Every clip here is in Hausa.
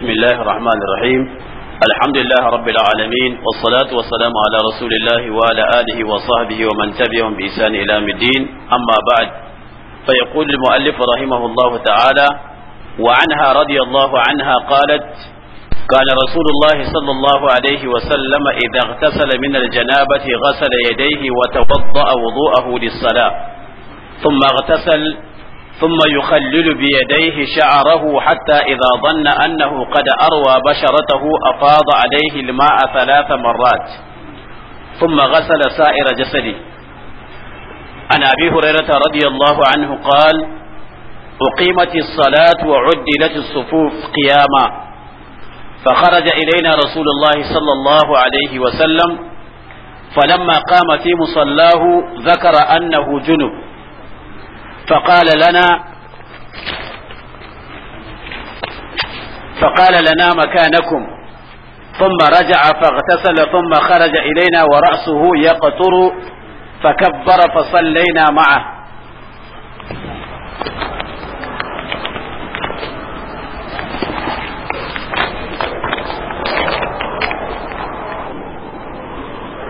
بسم الله الرحمن الرحيم الحمد لله رب العالمين والصلاة والسلام على رسول الله وعلى آله وصحبه ومن تبعهم بإسان إلى الدين أما بعد فيقول المؤلف رحمه الله تعالى وعنها رضي الله عنها قالت قال رسول الله صلى الله عليه وسلم إذا اغتسل من الجنابة غسل يديه وتوضأ وضوءه للصلاة ثم اغتسل ثم يخلل بيديه شعره حتى إذا ظن أنه قد أروى بشرته أفاض عليه الماء ثلاث مرات ثم غسل سائر جسده عن أبي هريرة رضي الله عنه قال أقيمت الصلاة وعدلت الصفوف قياما فخرج إلينا رسول الله صلى الله عليه وسلم فلما قام في مصلاه ذكر أنه جنب فقال لنا فقال لنا مكانكم ثم رجع فاغتسل ثم خرج إلينا ورأسه يقطر فكبر فصلينا معه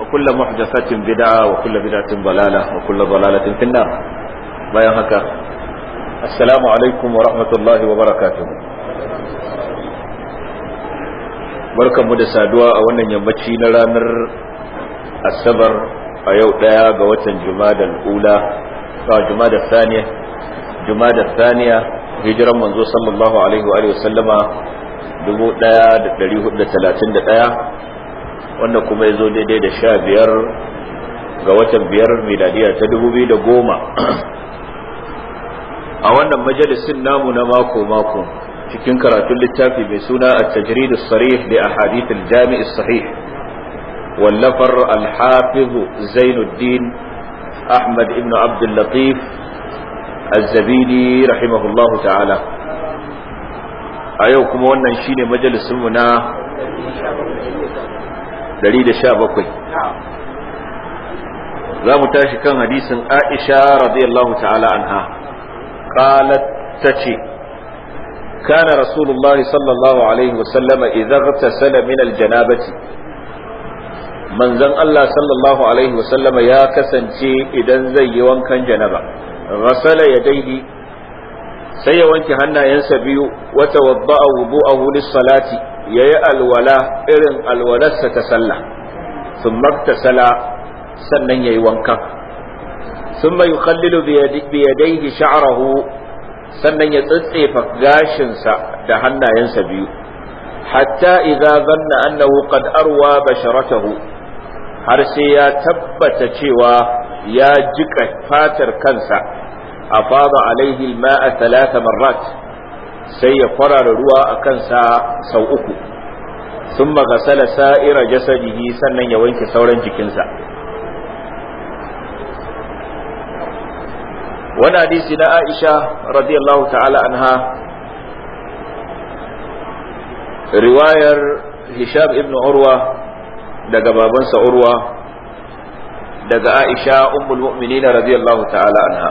وكل محدثة بدعة وكل بدعة ضلالة وكل ضلالة في النار بيان هكا السلام عليكم ورحمة الله وبركاته barkan mu da saduwa a wannan yammaci na ranar asabar a yau daya ga watan jumada ula ba jumada saniya jumada saniya hijiran manzo sallallahu alaihi wa alihi wanda kuma ya zo daidai da sha biyar ga watan biyar miladiya ta dubu biyu da goma a wannan majalisin namu na mako-mako cikin karatun littafi mai suna a tajridu sarih da ahadithul jami'i sahih wallafar alhafizu zainuddin ahmad ibn abdul latif الزبيدي رحمه الله ta'ala a yau kuma wannan shine mu na 117 za mu tashi kan hadisin aisha radiyallahu ta'ala anha qalat tace kana rasulullahi sallallahu alaihi wasallama idza ghtasala min aljanabati manzon Allah sallallahu alaihi wasallama ya kasance idan zai yi wankan janaba ghasala yadayhi sai ya wanke hannayensa biyu wa tawadda'a wudu'ahu lis-salati ya yi alwala irin alwalarsa ta sallah sun maktasala sannan ya yi wankan sun mai kallilu biyadaihi sha'arahu sannan ya tsitsefa gashinsa da hannayensa biyu hatta idza zanna annahu qad arwa basharatahu har sai ya tabbata cewa ya jika fatar kansa a afada alaihi ma'a talata marrat sai ya kwarara ruwa a kansa sau uku sun magasala sa'ira jasadihi sannan ya wanke sauran jikinsa wani hadisi na aisha radiyallahu ta'ala anha riwayar hishab ibn urwa daga babansa urwa daga aisha ummul mu'minina radiyallahu ta'ala anha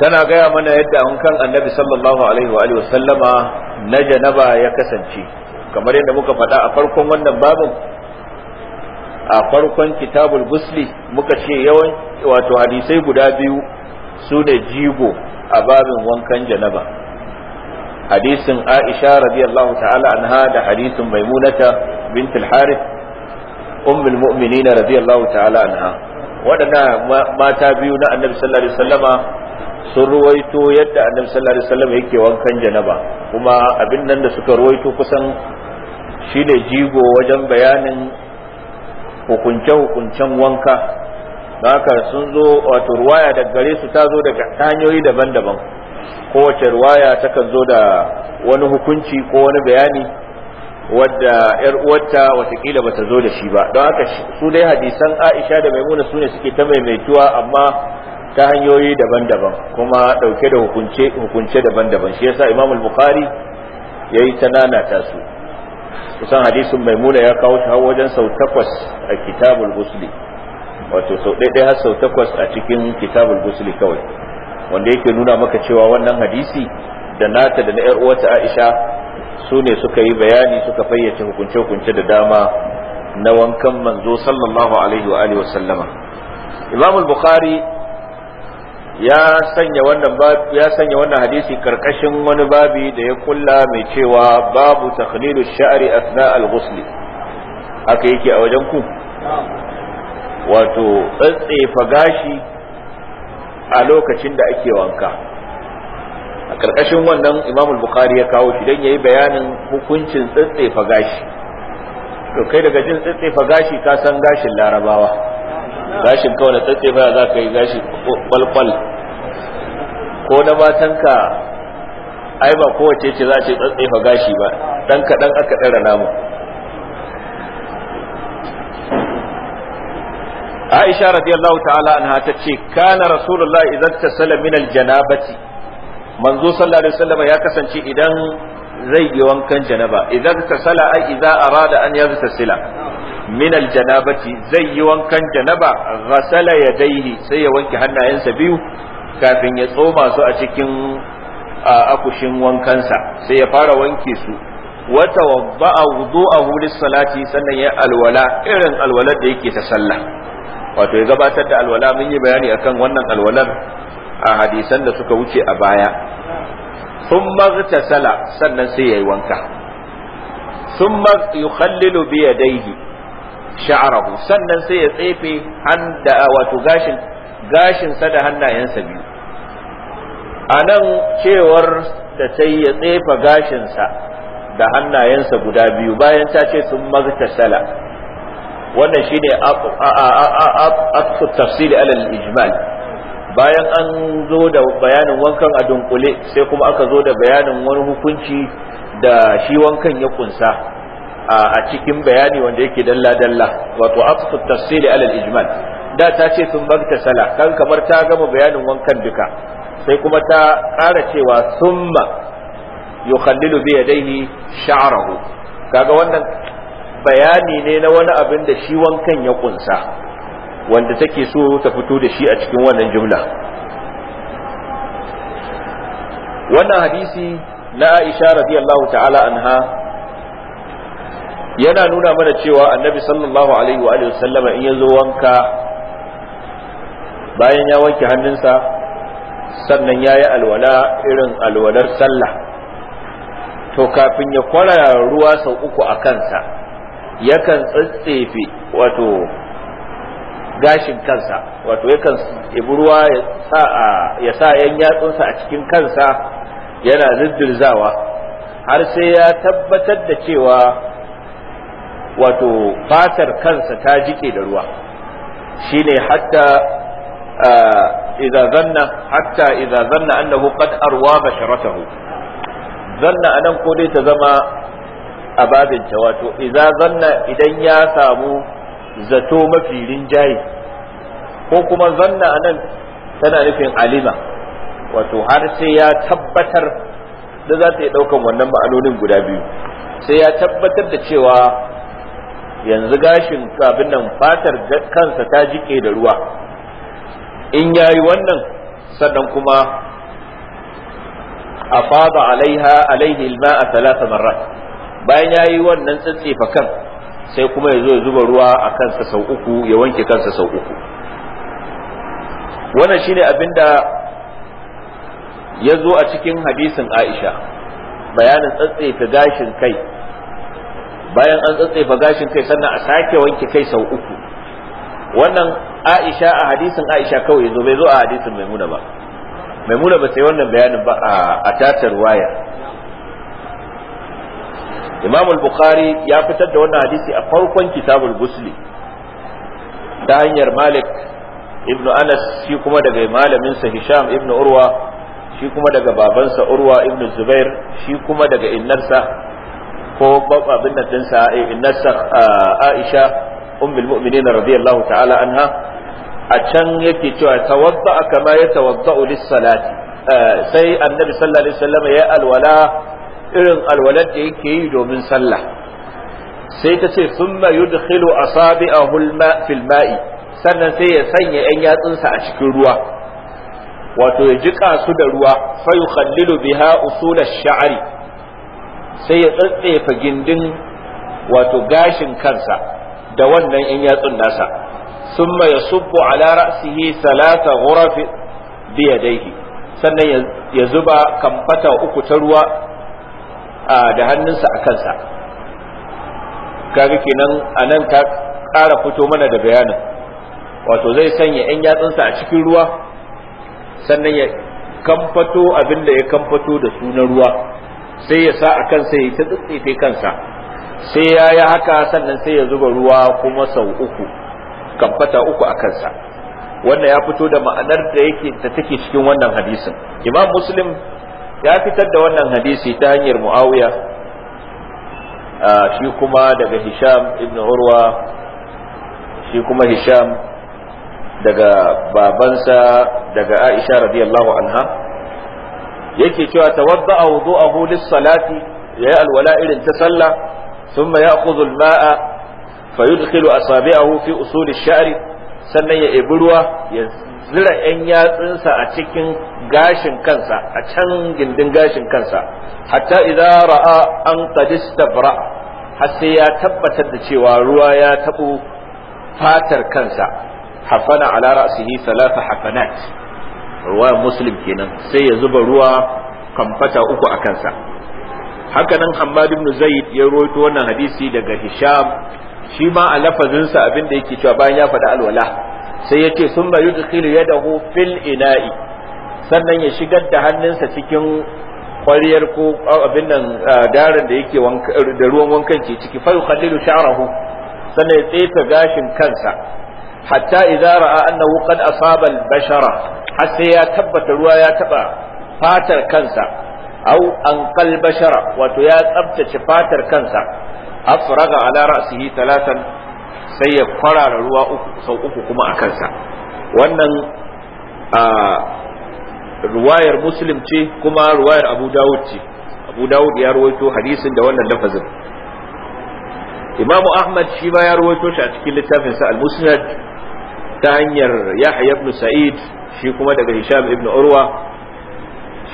tana gaya mana yadda wankan annabi sallallahu alaihi wa sallama na janaba ya kasance kamar yadda muka faɗa a farkon wannan babin a farkon kitabul Busli muka ce yawan wato hadisai guda biyu su ne jigo a babin wankan janaba hadisin aisha radiyallahu ta'ala anha da hadisin maimunata bint al-harith ummul mu'minin radiyallahu ta'ala anha waɗannan mata biyu na annabi sallallahu alaihi wa wasallama sun ruwaito yadda annabi sallallahu alaihi wasallam yake wankan janaba kuma abin nan da suka ruwaito kusan shine jigo wajen bayanin hukunce-hukuncen wanka haka sun zo wato ruwaya da gare su ta zo daga hanyoyi daban-daban kowace ruwaya takan zo da wani hukunci ko wani bayani wadda yar uwarta watakila bata zo da shi ba don haka su dai hadisan Aisha da Maimuna sune suke ta maimaituwa amma ta hanyoyi daban-daban kuma ɗauke da hukunce daban-daban shi yasa imam al-bukhari ya yi ta su kusan hadisin maimuna ya kawo shi wajen sau takwas a kitabul gusli wato sau ɗaiɗai har sau takwas a cikin kitabul gusli kawai wanda yake nuna maka cewa wannan hadisi da nata da na ‘yar uwata aisha su ne suka yi bayani suka fayyace hukunce-hukunce da dama na wankan manzo sallallahu alaihi wa alihi wa sallama imam al-bukhari ya sanya wannan ya sanya wannan hadisi karkashin wani babi da ya kulla mai cewa babu takhlilu sha'ri asna al-ghusl haka yake a wajen ku wato tsatsefa gashi a lokacin da ake wanka a karkashin wannan imamul bukhari ya kawo shi don yayi bayanin hukuncin tsatsefa gashi to kai daga jin tsatsefa gashi ka san gashin larabawa gashin kawai da na baya za ka yi gashi kwalkwal ko na matanka ai ba kowace ce za ce fa gashi ba dan kaɗan aka ɗara namu aisha radiyallahu ta'ala anha ta ce kana rasulullah idan tasala min aljanabati manzo sallallahu alaihi wasallam ya kasance idan zai yi wankan janaba idan tasala ai a arada an sila. min aljanabati zai yi wankan janaba ya yadayhi sai ya wanke hannayensa biyu kafin ya tsoma su a cikin akushin wankansa sai ya fara wanke su wa tawadda'a wudu'ahu lis-salati sannan ya alwala irin alwalar da yake ta sallah wato ya gabatar da alwala mun yi bayani akan wannan alwalar a hadisan da suka wuce a baya thumma sala sannan sai yayi wanka thumma yukhallilu bi yadayhi sha'arahu sannan sai ya tsefe handa wato gashin gashin sa da hannayensa biyu a nan cewar da sai yi ya tsefa gashinsa da hannayensa guda biyu bayan ta ce sun sala wannan shine aqsu tafsiri alal ijmal bayan an zo da bayanin wankan a dunkule sai kuma aka zo da bayanin wani hukunci da shi wankan ya kunsa a cikin bayani wanda yake dalla dalla wato aqtu tafsili ala ijmal da ta ce sun bagta sala kan kamar ta gama bayanin wankan duka sai kuma ta ƙara cewa summa yukhallilu bi yadayhi sha'rahu kaga wannan bayani ne na wani abin da shi wankan ya kunsa wanda take so ta fito da shi a cikin wannan jumla wannan hadisi na Aisha radiyallahu ta'ala anha yana nuna mana cewa annabi sallallahu alaihi wa sallama in yazo zo wanka bayan ya wanke hannunsa sannan ya yi alwala irin alwalar sallah to kafin ya kwara ruwa sau uku a kansa yakan tsatsefe wato gashin kansa wato yakan ibi ruwa ya sa yan yatsunsa a cikin kansa yana ziddirzawa har sai ya tabbatar da cewa wato fatar kansa ta jike da ruwa shine hatta idza zanna hatta idza zanna annahu qad arwa basharatahu zanna anan ko dai ta zama a wato idza idan ya samu zato mafi rinjaye ko kuma zanna anan tana nufin alima wato har sai ya tabbatar da za ta yi ɗaukan wannan ma'anonin guda biyu sai ya tabbatar da cewa yanzu gashin abin nan fatar kansa ta jike da ruwa in yayi wannan sannan kuma afada alaiha alaihi a talata marrat bayan yayi wannan tsitsefa kan sai kuma ya zo ya zuba ruwa a kansa sau uku ya wanke kansa sau uku wannan shine da ya zo a cikin hadisin Aisha bayanin tsatsefe gashin kai bayan an tsatsefa gashin kai sannan a sake wanke kai sau uku wannan aisha a hadisin aisha kawai yazo bai zo a hadisin maimuna ba maimuna ba sai wannan bayanin ba a tatar waya imam al-bukhari ya fitar da wannan hadisi a farkon kitabul gusli ta hanyar malik ibn anas shi kuma daga malamin sa hisham ibn urwa shi kuma daga babansa urwa ibn zubair shi kuma daga innarsa ko abin nan dinsa eh, nasar Aisha ummul mu'minin radiyallahu ta'ala anha a can yake cewa tawadda kama ya tawadda lis salati eh, sai annabi sallallahu alaihi wasallam ya alwala irin alwalar da yake yi domin sallah sai ta ce thumma yudkhilu asabi'ahu al fil ma'i sannan sai ya sanya yan yatsunsa a cikin ruwa wato ya jika su da ruwa fa yukhallilu biha usul ash-sha'ri sai ya tsatsefa gindin wato gashin kansa da wannan yan yatsun nasa summa yasubbu ala ra'sihi salata ghuraf bi sannan ya zuba kamfata uku ta ruwa da hannunsa a kansa nan kenan nan ta ƙara fito mana da bayanin wato zai sanya yan yatsunsa a cikin ruwa sannan ya kamfato abin da ya kamfato da sunan ruwa sai ya sa a kansa ya ta kansa sai ya yi haka sannan sai ya zuba ruwa kuma sau uku kamfata uku a kansa wannan ya fito da ma'anar da yake ta take cikin wannan hadisin imam muslim ya fitar da wannan hadisi ta hanyar muawiya shi kuma daga hisham ibn urwa shi kuma hisham daga babansa daga aisha radiyallahu anha yake cewa tawadda'a a hulis salati yayi alwala irin ta sallah thumma ya'khudhu al-ma'a fayudkhilu asabi'ahu fi usul ash-sha'ri sannan ya ebi ruwa ya zira yan yatsunsa a cikin gashin kansa a can gindin gashin kansa hatta idza ra'a an qad istabra har sai ya tabbatar da cewa ruwa ya tabo fatar kansa hafana ala ra'sihi salasa hafanat ruwan muslim kenan sai ya zuba ruwa kamfata uku a kansa hakanan hammad ibn zaid ya rawaito wannan hadisi daga hisham shi ma a lafazinsa abin da yake cewa bayan ya faɗi alwala sai yace sun ba yudkhilu yadahu fil ina'i sannan ya shigar da hannunsa cikin kwariyar ko abin nan darin da yake da ruwan wankan ke ciki fa yukhallilu sha'ruhu sannan ya tsefe gashin kansa hatta idza ra'a annahu qad asaba al-bashara har sai ya tabbata ruwa ya taba fatar kansa au an kalbashara wato ya tsabtace fatar kansa afraga ala ra'sihi talatan sai ya kwarara ruwa uku sau uku kuma a kansa wannan ruwayar muslim ce kuma ruwayar abu dawud ce abu dawud ya rawaito hadisin da wannan lafazin imamu ahmad shi ba ya rawaito shi a cikin littafin sa al-musnad ta hanyar yahya ibn sa'id shi kuma daga hisham ibn urwa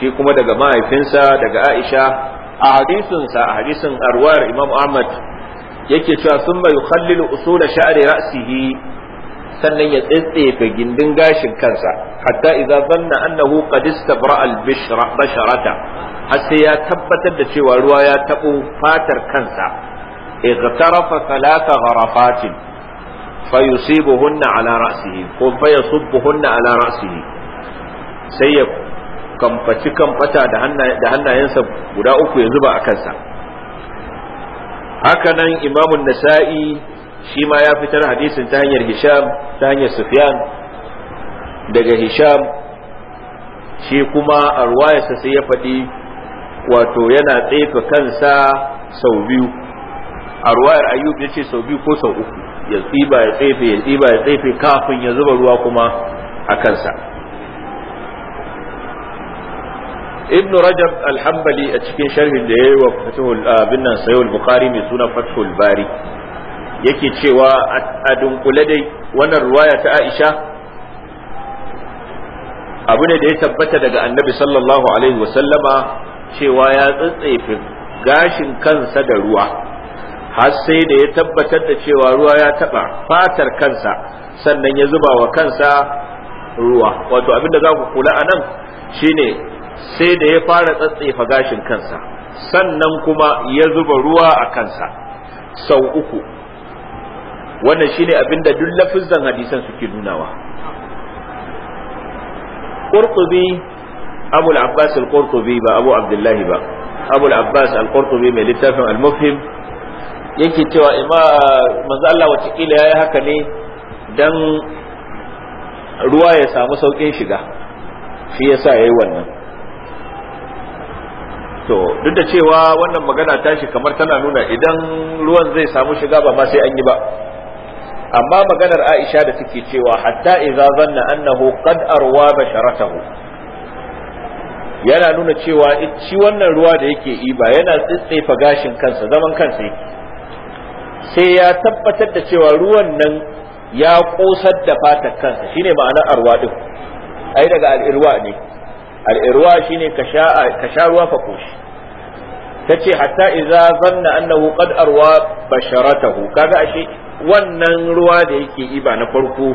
shi kuma daga mahaifinsa daga aisha a hadisinsa a hadisin arwar imam ahmad yake cewa sun mai khallilu usula sha'ari ra'sihi sannan ya tsetsefe gindin gashin kansa hatta idza zanna annahu qad istabra al bishra basharata har sai ya tabbatar da cewa ruwa ya tabo fatar kansa igtarafa thalatha gharafatin fayusibuhunna ala ra'sihi ko fayasubbuhunna ala ra'sihi sai ya kamfaci kamfata da hannayensa guda uku ya zuba a kansa nan imamun nasa'i shi ma ya fitar hadisin ta hanyar hisham ta hanyar sufyan daga hisham shi kuma a sai ya faɗi wato yana tsefe kansa sau biyu a ruwayar ayyub ya ce sau biyu ko sau uku ya tsiba ya tsefe ya tsiba ya tsefe kafin ya zuba ruwa kuma a kansa ibn rajab alhambali a cikin sharhin da ya yi wa fatihul abin nan sayul bukari mai suna fatihul bari yake cewa a dunkule dai wannan ruwaya ta aisha abu ne da ya tabbata daga annabi sallallahu alaihi wasallama cewa ya tsatsefe gashin kansa da ruwa har sai da ya tabbatar da cewa ruwa ya taba fatar kansa sannan ya zuba wa kansa ruwa wato abinda za ku kula a nan shine sai da ya fara tsatsefa gashin kansa sannan kuma ya zuba ruwa a kansa sau uku wannan shine abinda duk lafizan hadisan suke nunawa qurtubi abul abbas al ba abu abdullahi ba abul abbas al mai littafin al-mufhim yake cewa manzo Allah wata ya yi haka ne don ruwa ya samu sauƙin shiga shi ya sa ya yi wannan to duk da cewa wannan magana tashi kamar tana nuna idan ruwan zai samu shiga ba ma sai an yi ba amma maganar aisha da take cewa hatta idza zanna annahu qad arwa basharatahu yana nuna cewa shi wannan ruwa da yake ba yana tsitsefa gashin kansa zaman kansa sai ya tabbatar da cewa ruwan nan ya kosar da fatar kansa shine ma'anar arwa din ai daga al'irwa ne al'irwa shine ka sha ruwa fa koshi tace hatta idza zanna annahu qad arwa basharatahu kaga ashe wannan ruwa da yake iba na farko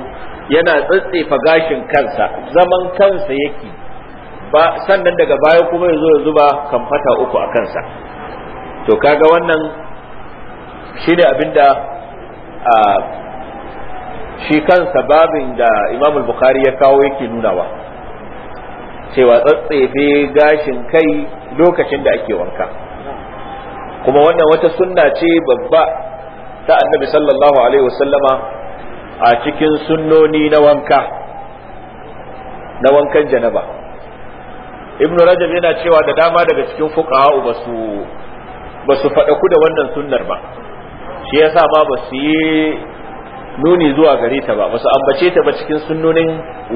yana tsatse gashin kansa zaman kansa yake ba sannan daga baya kuma yazo zo ya zuba kamfata uku a kansa to kaga wannan Shi shine abinda shi kansa babin da imam bukhari ya kawo yake nunawa cewa tsatsefe gashin kai lokacin da ake wanka kuma wannan wata sunna ce babba ta annabi sallallahu alaihi wasallama a cikin sunnoni na wanka na wankan janaba ibn rajab yana cewa da dama daga cikin fuqaha ba su ba su faɗaku da wannan sunnar ba shi yasa ba ba su yi nuni zuwa gare ta ba basu ambace ta ba cikin sunnonin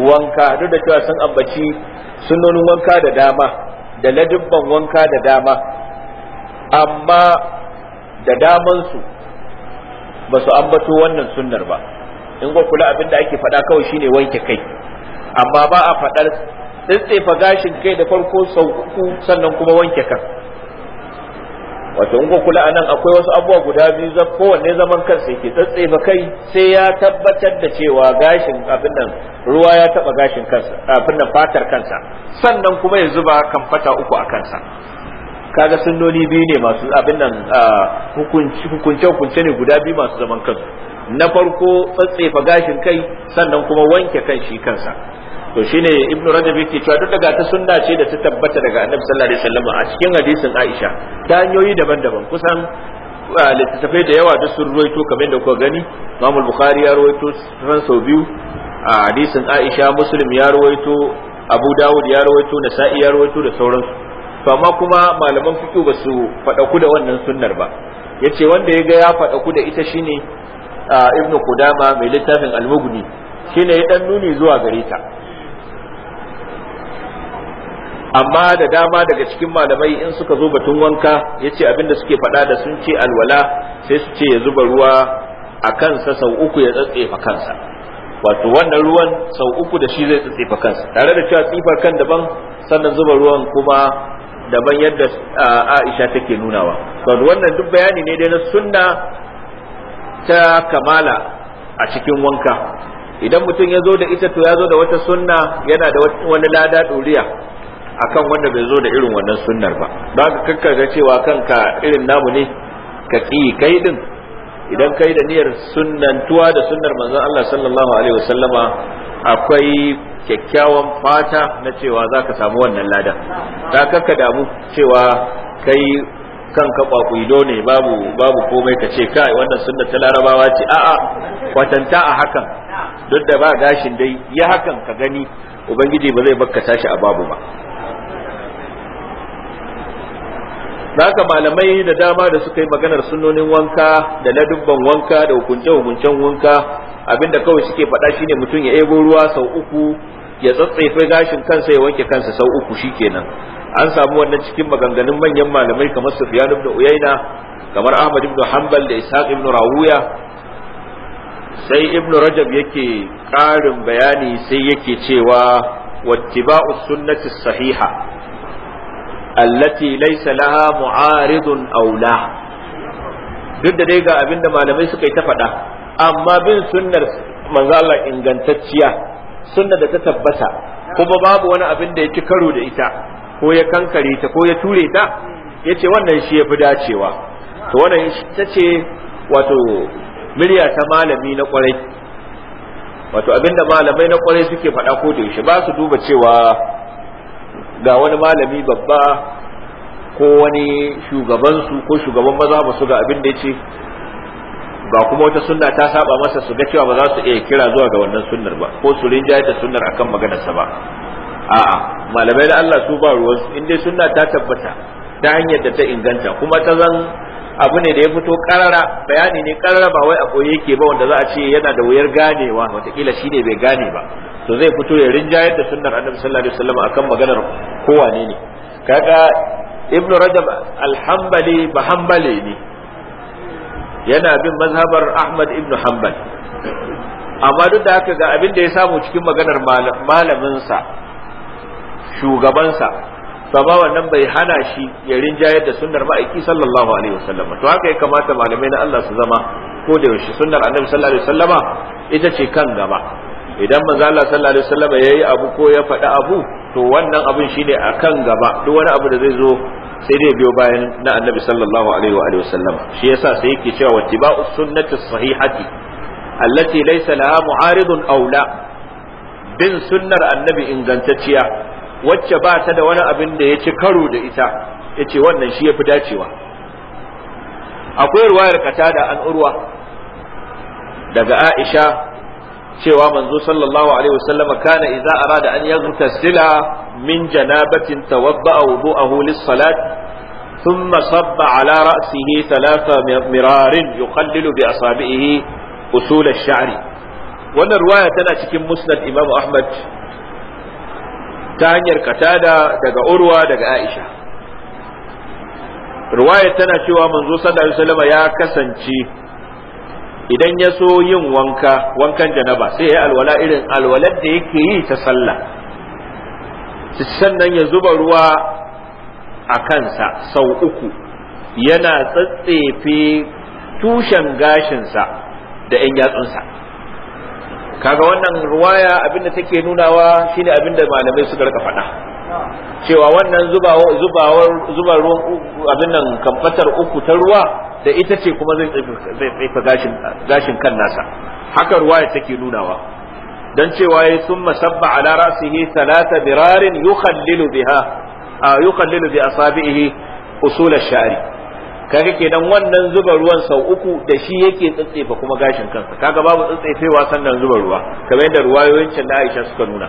wanka duk da cewa sun ambaci sunnonin wanka da dama da ladubban wanka da dama amma da daman su ba su ambato wannan sunnar ba in ga kula abin da ake faɗa kawai shine wanke kai amma ba a faɗar tsitsefa gashin kai da farko sau uku sannan kuma wanke kai wato in kula a akwai wasu abubuwa guda biyu kowanne zaman kansa yake tsatsefa kai sai ya tabbatar da cewa gashin abin nan ruwa ya taba gashin kansa abin nan fatar kansa sannan kuma ya zuba kamfata uku a kansa kaga sunnoni biyu ne masu abin nan hukunce hukunce ne guda biyu masu zaman kansu na farko tsatsefa gashin kai sannan kuma wanke kan shi kansa to shine ibnu rajab yake cewa duk daga ta sunna ce da ta tabbata daga annabi sallallahu alaihi wasallam a cikin hadisin aisha ta hanyoyi daban-daban kusan littattafai da yawa duk sun ruwaito kamar da kuka gani imam bukhari ya ruwaito ran sau biyu a hadisin aisha muslim ya ruwaito abu dawud ya ruwaito nasa'i ya ruwaito da sauransu to amma kuma malaman fiqh ba su faɗa ku da wannan sunnar ba yace wanda ya ga ya faɗa ku da ita shine ibnu qudama mai littafin al-mughni shine ya dan nuni zuwa gare ta amma da dama daga cikin malamai in suka zo batun wanka yace da suke faɗa da sun ce alwala sai su ce ya zuba ruwa a kansa sau uku ya tsatsefa kansa wato wannan ruwan sau uku da shi zai tsatsefa kansa tare da cewa tsifar kan daban sannan zuba ruwan kuma daban yadda Aisha take nunawa to wannan duk bayani ne dai na sunna ta kamala a cikin wanka idan mutum ya zo da ita to ya zo da wata sunna yana da wani lada ɗuriya. akan wanda bai zo da irin wannan sunnar ba don haka kakka ga cewa kanka irin namu ne ka ƙi kai din idan kai da niyyar sunnantuwa da sunnar manzon Allah sallallahu alaihi wasallama akwai kyakkyawan fata na cewa za ka samu wannan lada ta kakka damu cewa kai kanka do ne babu babu komai ka ce kai wannan sunnar ta larabawa ce a'a kwatanta a hakan duk da ba gashin dai ya hakan ka gani ubangiji ba zai bakka tashi a babu ba haka malamai da dama da suka yi maganar sunnonin wanka da ladubban wanka da hukunce-hukuncen wanka abinda kawai suke faɗa shine mutum ya ebo ruwa sau uku ya tsatsefe gashin kansa ya wanke kansa sau uku shi kenan. an samu wannan cikin maganganun manyan malamai kamar Sufyan ibn uyaina kamar Ahmad ibn Hanbal da Ishaq ibn rawuya sai ibn Rajab yake ƙarin bayani sai yake cewa wattiba'us sunnati sahiha allati laysa laha mu'aridun aula duk da dai ga abinda malamai suka yi ta faɗa amma bin sunnar manzo Allah ingantacciya sunnar da ta tabbata kuma babu wani abin da ya ci karo da ita ko ya kankare ta ko ya ture ta yace wannan shi yafi dacewa to wannan ta ce wato murya ta malami na kwarai wato abinda malamai na kwarai suke faɗa ko da yaushe ba su duba cewa ga wani malami babba ko wani shugabansu ko shugaban maza ba su ga abin da ya ce ba kuma wata sunna ta saba masa su ga cewa ba za su iya kira zuwa ga wannan sunnar ba ko su rinjaye da sunnar akan maganarsa ba a'a malamai da Allah su ba ruwan in dai sunna ta tabbata ta hanyar da ta inganta kuma ta zan abu ne da ya fito karara bayani ne karara ba wai a koyi yake ba wanda za a ce yana da wuyar ganewa watakila shi ne bai gane ba to zai fito ya rinjayar da sunnar annabi sallallahu alaihi wasallam akan maganar kowane ne kaga ibn rajab alhambali ba hanbali ne yana bin mazhabar ahmad ibn hanbal amma duk da haka ga abin da ya samu cikin maganar malaminsa shugabansa sa ba wannan bai hana shi ya rinjayar da sunnar ma'aiki sallallahu alaihi wasallam to haka ya kamata malamai na Allah su zama ko da yaushe sunnar annabi sallallahu alaihi wasallama ita ce kan gaba idan manzo Allah sallallahu alaihi wasallam yayi abu ko ya faɗi abu to wannan abin shine akan gaba duk wani abu da zai zo sai dai biyo bayan na annabi sallallahu alaihi wa alihi wasallam shi yasa sai yake cewa wattiba'u sunnati sahihati allati laysa laha mu'aridun aula bin sunnar annabi ingantacciya wacce ba ta da wani abin da ya ci karo da ita yace wannan shi yafi dacewa akwai ruwayar da an urwa daga Aisha cewa manzo sallallahu alaihi wasallam kana idza arada an yaghtasila min janabatin tawadda'a wudu'ahu lis-salati thumma sabba ala ra'sihi thalatha mirarin yuqallilu bi asabihi usul ash-sha'ri wannan riwaya tana cikin musnad Imam Ahmad ta hanyar katada daga urwa daga Aisha riwaya tana cewa manzo sallallahu alaihi wasallam ya kasance idan ya so yin wanka wankan janaba sai ya alwala irin alwalar da yake yi ta sallah sannan ya zuba ruwa a kansa sau uku yana tsatsefe tushen gashinsa da 'yan yatsunsa kaga wannan ruwaya abinda take nunawa shine abinda malamai suka rika faɗa cewa wannan zubawar ruwan abin nan kamfatar uku ta ruwa da ita ce kuma zai tsaifa gashin kan nasa haka ruwa ruwaya take nunawa don cewa ya sun masabba ala ra'sihi thalatha birarin yukhallilu biha a yukhallilu bi asabihi usul ash-sha'ri kaga kenan wannan zuba ruwan sau uku da shi yake tsatsefa kuma gashin kansa kaga babu tsatsefewa sannan zuba ruwa kamar yadda ruwayoyin can da Aisha suka nuna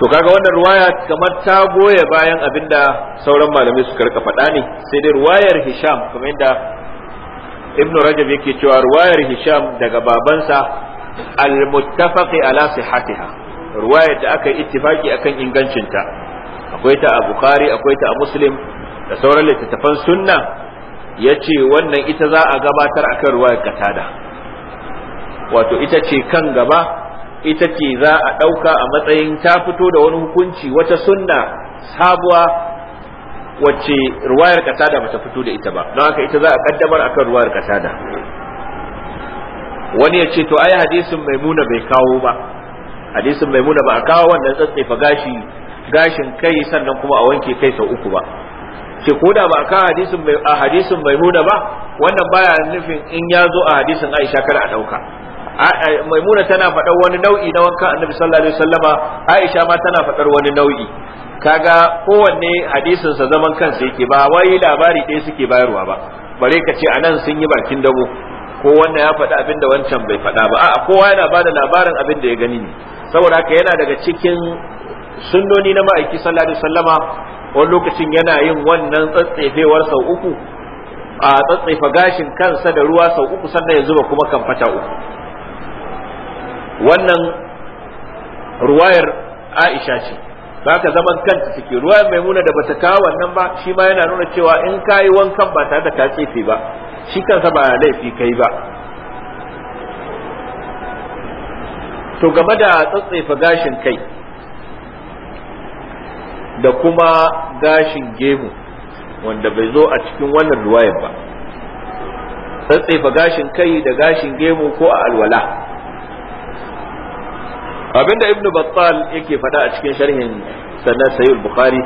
to kaga wannan ruwaya kamar ta goya bayan abinda sauran malamai suka rika faɗa ne sai dai ruwayar Hisham kamar yadda Ibn Rajab yake cewa ruwayar Hisham daga babansa al-muttafaqi ala sihhatiha ruwayar da aka yi ittifaki akan ingancinta akwai ta a Bukhari akwai ta a Muslim da sauran littattafan sunna yace wannan ita za a gabatar akan ruwayar Katada wato ita ce kan gaba ita ce za a ɗauka a matsayin ta fito da wani hukunci wata sunna sabuwa wacce ruwayar kasada bata fito da ita ba don haka ita za a kaddamar akan ruwayar kasada wani ya ce to ai hadisin maimuna bai kawo ba hadisin maimuna ba a kawo wannan fa gashi gashin kai sannan kuma a wanke kai sau uku ba Ke ko ba a kawo hadisin a hadisin maimuna ba wannan baya nufin in ya zo a hadisin aisha kada a ɗauka maimuna tana faɗar wani nau'i na wanka annabi sallallahu alaihi wasallama aisha ma tana faɗar wani nau'i kaga kowanne hadisin sa zaman kansa yake ba wai labari ɗaya suke bayarwa ba bare ka ce anan sun yi bakin dabo ko wannan ya faɗi abin da wancan bai faɗa ba a'a kowa yana ba da labarin abin da ya gani ne saboda haka yana daga cikin sunnoni na ma'aiki sallallahu alaihi wasallama wani lokacin yana yin wannan tsatsefewar sau uku a tsatsefa gashin kansa da ruwa sau uku sannan ya zuba kuma kan fata uku wannan ruwayar aisha ce za ka zaman kanta take ruwayar maimuna da bata kawo wannan ba shi ma yana nuna cewa in ka yi wankan ba tare da ka tsefe ba shi kansa ba laifi kai ba to game da tsatsefa gashin kai da kuma gashin gemu wanda bai zo a cikin wannan ruwayar ba tsatsefa gashin kai da gashin gemu ko a alwala abinda ibn battal yake faɗa a cikin sharhin sannan sayyid bukhari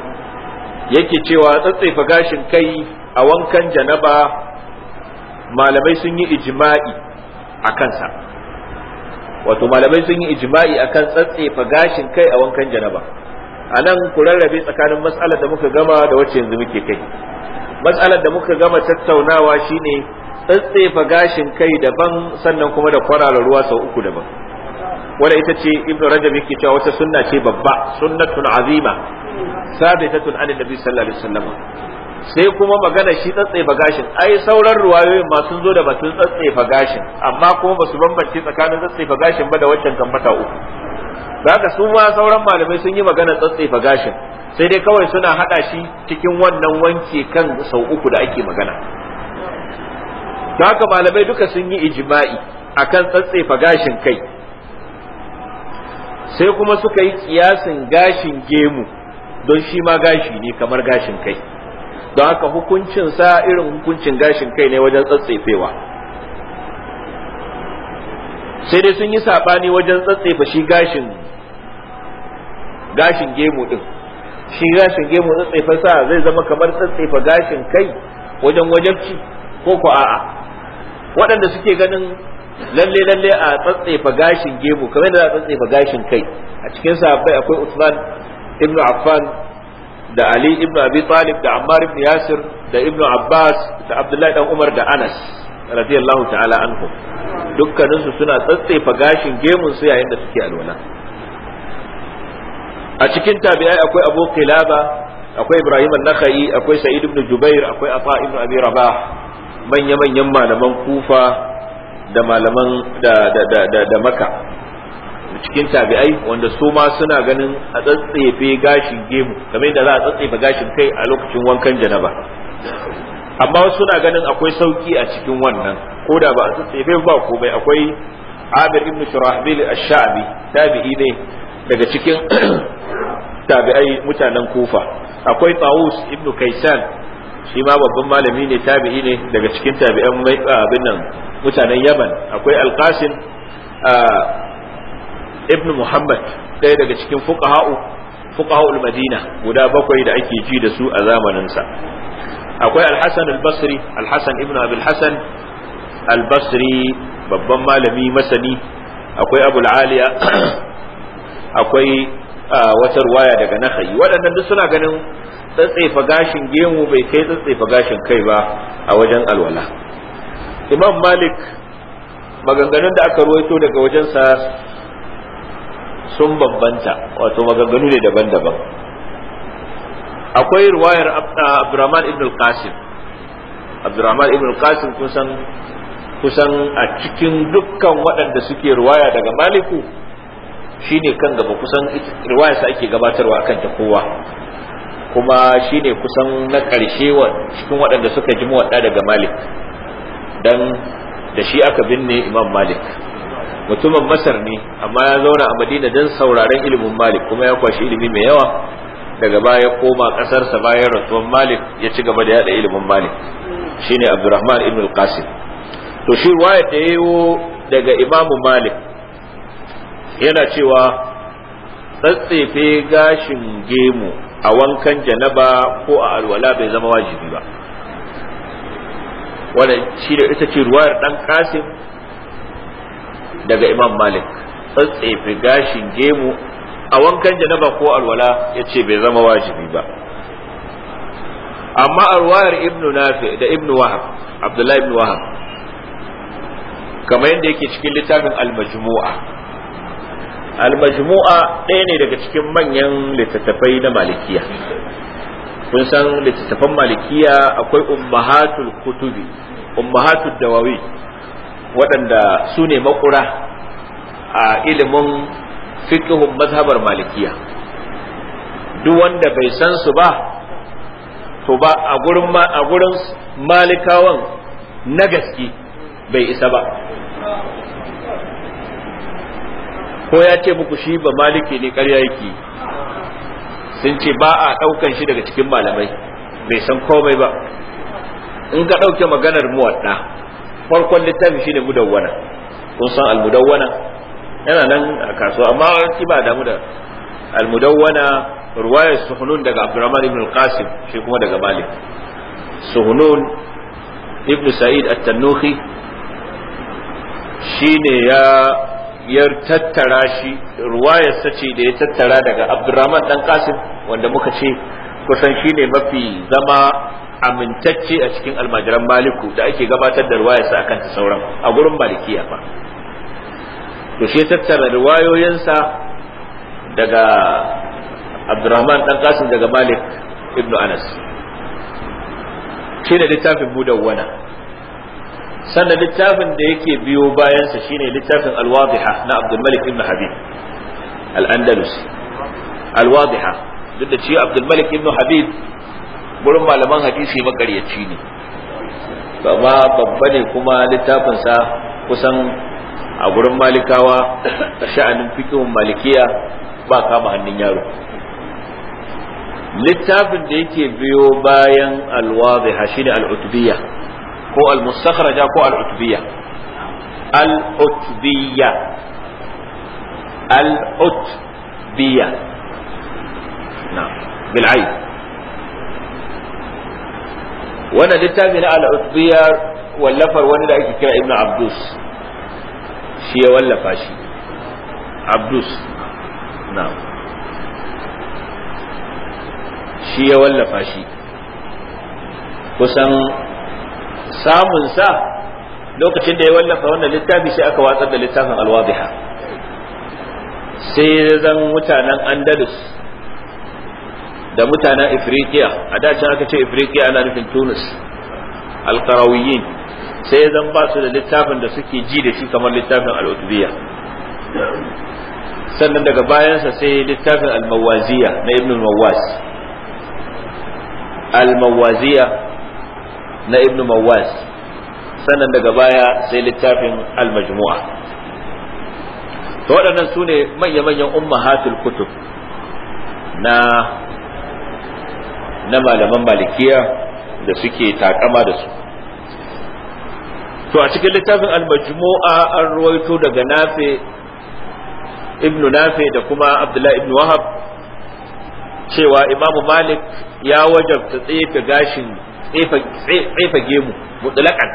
yake cewa tsatsaifa gashin kai a wankan janaba malamai sun yi ijma'i a kansa wato malamai sun yi ijma'i akan tsatsaifa gashin kai a wankan janaba a nan ku rarrabe tsakanin matsalar da muka gama da wacce yanzu muke kai matsalar da muka gama tattaunawa shine tsatsefa gashin kai daban sannan kuma da kwararar ruwa sau uku daban wanda ita ce ibnu rajab yake cewa wata sunna ce babba sunnatun azima sabitatun an nabi sallallahu alaihi wasallam sai kuma magana shi tsatsefa gashin ai sauran ruwayoyin ma sun zo da batun tsatsai gashin amma kuma basu su bambance tsakanin tsatsai gashin ba da waccan gambata uku zaka su ma sauran malamai sun yi magana tsatsefa gashin sai dai kawai suna hada shi cikin wannan wanke kan sau uku da ake magana haka malamai duka sun yi ijima'i akan tsatsai gashin kai sai kuma suka yi kiyasin gashin gemu don shi ma gashi ne kamar gashin kai don haka hukuncin sa irin hukuncin gashin kai ne wajen tsatsefewa sai dai sun yi saɓani wajen tsatsefa shi gashin gashin gemu din shi gashin gemu tsatsefa sa zai zama kamar tsatsefa gashin kai wajen wajabci ko ku a'a waɗanda suke ganin lalle lalle a tsatsefa gashin gemu kamar da za a tsatsefa gashin kai a cikin sahabbai akwai Uthman ibn Affan da Ali ibn Abi Talib da Ammar ibn Yasir da Ibn Abbas da Abdullahi dan Umar da Anas radiyallahu ta'ala anhum dukkanin su suna tsatsefa gashin gemun su yayin da suke alwala a cikin tabi'ai akwai Abu Qilaba akwai Ibrahim an-Nakhai akwai Sa'id ibn Jubair akwai Atha ibn Abi Rabah manya-manyan malaman Kufa da malaman da maka cikin tabi'ai wanda su ma suna ganin a tsatsefe gashin gemu kamar yadda za a tsatsefe gashin kai a lokacin wankan janaba amma suna ganin akwai sauki a cikin wannan ko da ba a tsatsefe ba ko bai akwai abir ibn Shurahbil ash-Sha'bi tabi'i ne daga cikin tabi'ai mutanen Kufa akwai Tawus ibn Kaisan shi ma babban malami ne tabi'i ne daga cikin tabi'an mai abin nan mutanen yaman akwai alqasim ibn muhammad ɗaya daga cikin fuqaha'u fuqaha'ul madina guda bakwai da ake ji da su a zamanin sa akwai AlHassan albasri alhasan ibn abul albasri babban malami masani akwai abul aliya akwai wata ruwaya daga nahayi waɗannan duk suna ganin tsatsefa gashin gemu bai kai tsatsefa gashin kai ba a wajen alwala imam malik maganganun da aka ruwaito daga wajensa sun bambanta wato maganganu ne daban-daban akwai ruwayar abdurrahman ibn al-qasim abdurrahman ibn al-qasim kusan kusan a cikin dukkan waɗanda suke ruwaya daga maliku shine kan gaba kusan ruwaya ake gabatarwa akan ta kowa kuma shine kusan na ƙarshe cikin waɗanda suka ji muwaɗa daga malik dan da shi aka binne imam malik mutumin masar ne amma ya zauna a madina don sauraren ilimin malik kuma ya kwashi ilimi mai yawa daga baya ya koma ƙasarsa bayan rasuwan malik ya ci gaba da yada ilimin malik shine abdurrahman ibn al-qasim to shi wayar da yayo daga imam malik yana cewa tsatsefe gashin gemu a wankan janaba ko a alwala bai zama wajibi ba wannan shi da ita ce ruwayar dan kasim daga imam malik tsatsefe gashin gemu a wankan janaba ko alwala ya ce bai zama wajibi ba amma a ruwayar ibnu nafi da ibnu wahab abdullahi ibnu wahab kamar yadda yake cikin littafin al-majmu'a al ɗaya ne daga cikin manyan littattafai na malikiya kun san littattafan malikiya akwai ummahatul kutubi ummahatul dawawi waɗanda su ne makura a ilimin fikihun mazhabar malikiya duk wanda bai san su ba to ba a gurin a gurin malikawan na gaske bai isa ba ko ya ce muku shi ba maliki ne ƙarya yake sun ce ba a ɗaukan shi daga cikin malamai bai san komai ba in ka ɗauke maganar muwadda farkon littafin ne mudawwana kun san almudawwana yana nan a kasuwa amma ki ba damu da almudawwana ruwayar suhunun daga abdurrahman ibn qasim shi kuma daga malik suhunun ibn sa'id at-tannuhi shine ya ya tattara shi ruwayarsa ce da ya tattara daga abdurrahman dan kasim wanda muka ce kusan shi ne mafi zama amintacce a cikin almajiran maliku da ake gabatar da ruwayarsa akan ta sauran a gurin malikiya fa to shi tattara ruwayoyinsa daga abdurrahman dan kasim daga malik ibnu anas shi ne littafin wana sannan littafin da yake biyo bayansa shine littafin alwadiha na abdul malik ibn habib al-andalus alwadiha duk da cewa abdul ibn habib gurin malaman hadisi makaryaci ne ba babba ne kuma littafin sa kusan a gurin malikawa a sha'anin fikihun malikiya ba kama hannun yaro littafin da yake biyo bayan alwadiha shine al ko al-mustakhraja ko al-utbiya al-utbiya al-utbiya na bil'ain wannan littafi na al-utbiya wallafar wani da ake kira ibn abdus shi ya wallafa shi abdus na shi ya wallafa shi kusan samun sa lokacin da ya wallafa wannan littafi sai aka watsar da littafin alwadiha sai zan mutanen andalus da mutanen ifriqiya a can aka ce ifriqiya ana nufin tunis alkarawiyin sai zan ba su da littafin da suke ji da shi kamar littafin al'utubiya sannan daga bayansa sai littafin almawaziya na ibn mawaz almawaziya na ibn mawaz sannan daga baya sai littafin al-majmu'a to waɗannan su ne manya-manyan ummahatul kutub na na malaman malikiya da suke takama da su to a cikin littafin al-majmu'a an ruwaito daga nafi Ibn nafi da kuma abdullahi Ibn wahab cewa imamu malik ya wajabta tsefe gashin tsefa gemu mutlaqan